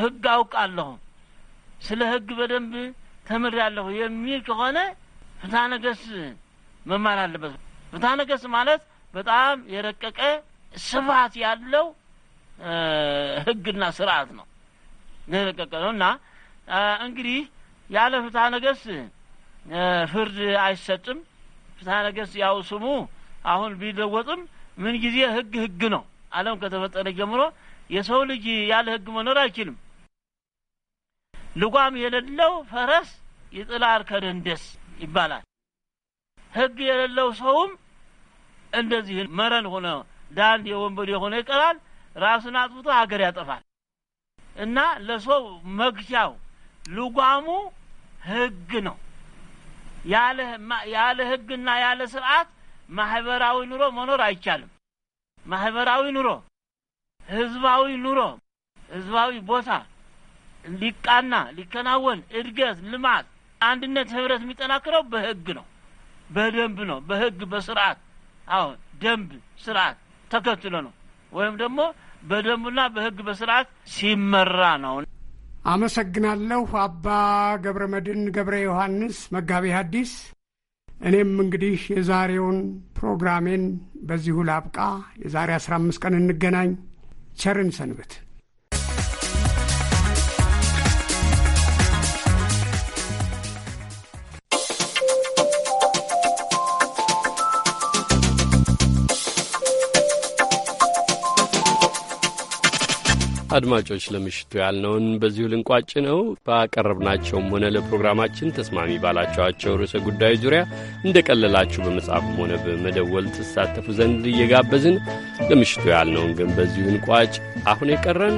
ህግ አውቃለሁ፣ ስለ ህግ በደንብ ተምሬያለሁ የሚል ከሆነ ፍትሐ ነገስት መማር አለበት። ፍትሐ ነገስት ማለት በጣም የረቀቀ ስፋት ያለው ህግና ስርዓት ነው የለቀቀ ነው እና እንግዲህ ያለ ፍታ ነገስት ፍርድ አይሰጥም። ፍትሀ ነገስት ያው ስሙ አሁን ቢለወጥም ምን ጊዜ ህግ ህግ ነው። ዓለም ከተፈጠረ ጀምሮ የሰው ልጅ ያለ ህግ መኖር አይችልም። ልጓም የሌለው ፈረስ ይጥላል ከደንደስ ይባላል። ህግ የሌለው ሰውም እንደዚህ መረን ሆነ ዳንድ የወንበዴ የሆነ ይቀራል፣ ራሱን አጥፍቶ ሀገር ያጠፋል። እና ለሰው መግቻው ልጓሙ ህግ ነው። ያለ ህግና ያለ ስርዓት ማህበራዊ ኑሮ መኖር አይቻልም። ማህበራዊ ኑሮ፣ ህዝባዊ ኑሮ፣ ህዝባዊ ቦታ ሊቃና ሊከናወን እድገት፣ ልማት፣ አንድነት፣ ህብረት የሚጠናክረው በህግ ነው፣ በደንብ ነው፣ በህግ በስርዓት አሁን ደንብ ስርዓት ተከትሎ ነው ወይም ደግሞ በደንቡና በህግ በስርዓት ሲመራ ነው። አመሰግናለሁ። አባ ገብረ መድን ገብረ ዮሐንስ መጋቤ ሐዲስ። እኔም እንግዲህ የዛሬውን ፕሮግራሜን በዚሁ ላብቃ። የዛሬ አስራ አምስት ቀን እንገናኝ። ቸርን ሰንበት። አድማጮች ለምሽቱ ያልነውን በዚሁ ልንቋጭ ነው። ባቀረብናቸውም ሆነ ለፕሮግራማችን ተስማሚ ባላቸዋቸው ርዕሰ ጉዳዮች ዙሪያ እንደ ቀለላችሁ በመጻፍም ሆነ በመደወል ትሳተፉ ዘንድ እየጋበዝን ለምሽቱ ያልነውን ግን በዚሁ ልንቋጭ። አሁን የቀረን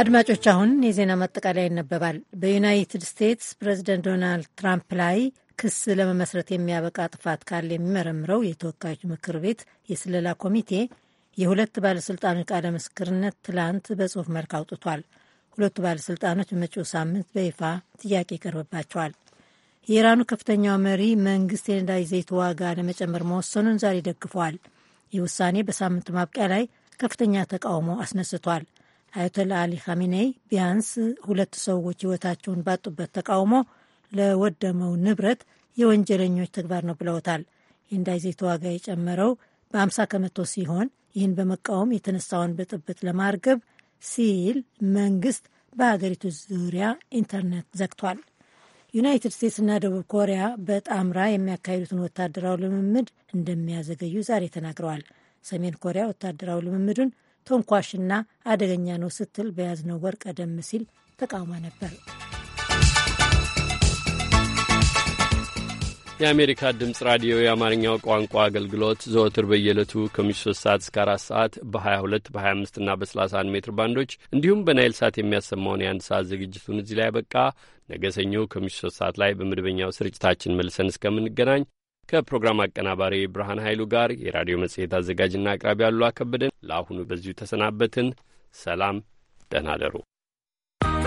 አድማጮች አሁን የዜና ማጠቃለያ ይነበባል። በዩናይትድ ስቴትስ ፕሬዚደንት ዶናልድ ትራምፕ ላይ ክስ ለመመስረት የሚያበቃ ጥፋት ካለ የሚመረምረው የተወካዮች ምክር ቤት የስለላ ኮሚቴ የሁለት ባለሥልጣኖች ቃለ ምስክርነት ትላንት በጽሑፍ መልክ አውጥቷል። ሁለቱ ባለሥልጣኖች በመጪው ሳምንት በይፋ ጥያቄ ይቀርብባቸዋል። የኢራኑ ከፍተኛው መሪ መንግስት የነዳጅ ዘይት ዋጋ ለመጨመር መወሰኑን ዛሬ ደግፈዋል። ይህ ውሳኔ በሳምንቱ ማብቂያ ላይ ከፍተኛ ተቃውሞ አስነስቷል። አያቶላ አሊ ኻሜኔይ ቢያንስ ሁለት ሰዎች ሕይወታቸውን ባጡበት ተቃውሞ ለወደመው ንብረት የወንጀለኞች ተግባር ነው ብለውታል። የህንዳይ ዘይት ዋጋ የጨመረው በ50 ከመቶ ሲሆን ይህን በመቃወም የተነሳውን ብጥብጥ ለማርገብ ሲል መንግስት በሀገሪቱ ዙሪያ ኢንተርኔት ዘግቷል። ዩናይትድ እና ደቡብ ኮሪያ በጣምራ የሚያካሂዱትን ወታደራዊ ልምምድ እንደሚያዘገዩ ዛሬ ተናግረዋል። ሰሜን ኮሪያ ወታደራዊ ልምምዱን ተንኳሽና አደገኛ ነው ስትል በያዝነው ወር ቀደም ሲል ተቃውማ ነበር። የአሜሪካ ድምፅ ራዲዮ የአማርኛው ቋንቋ አገልግሎት ዘወትር በየዕለቱ ከምሽቱ 3 ሰዓት እስከ 4 ሰዓት በ22 በ25 እና በ31 ሜትር ባንዶች እንዲሁም በናይል ሳት የሚያሰማውን የአንድ ሰዓት ዝግጅቱን እዚህ ላይ ያበቃ። ነገ ሰኞ ከምሽቱ 3 ሰዓት ላይ በመደበኛው ስርጭታችን መልሰን እስከምንገናኝ ከፕሮግራም አቀናባሪ ብርሃን ኃይሉ ጋር የራዲዮ መጽሔት አዘጋጅና አቅራቢ ያሉ አከበደን ለአሁኑ በዚሁ ተሰናበትን። ሰላም፣ ደህና ደሩ።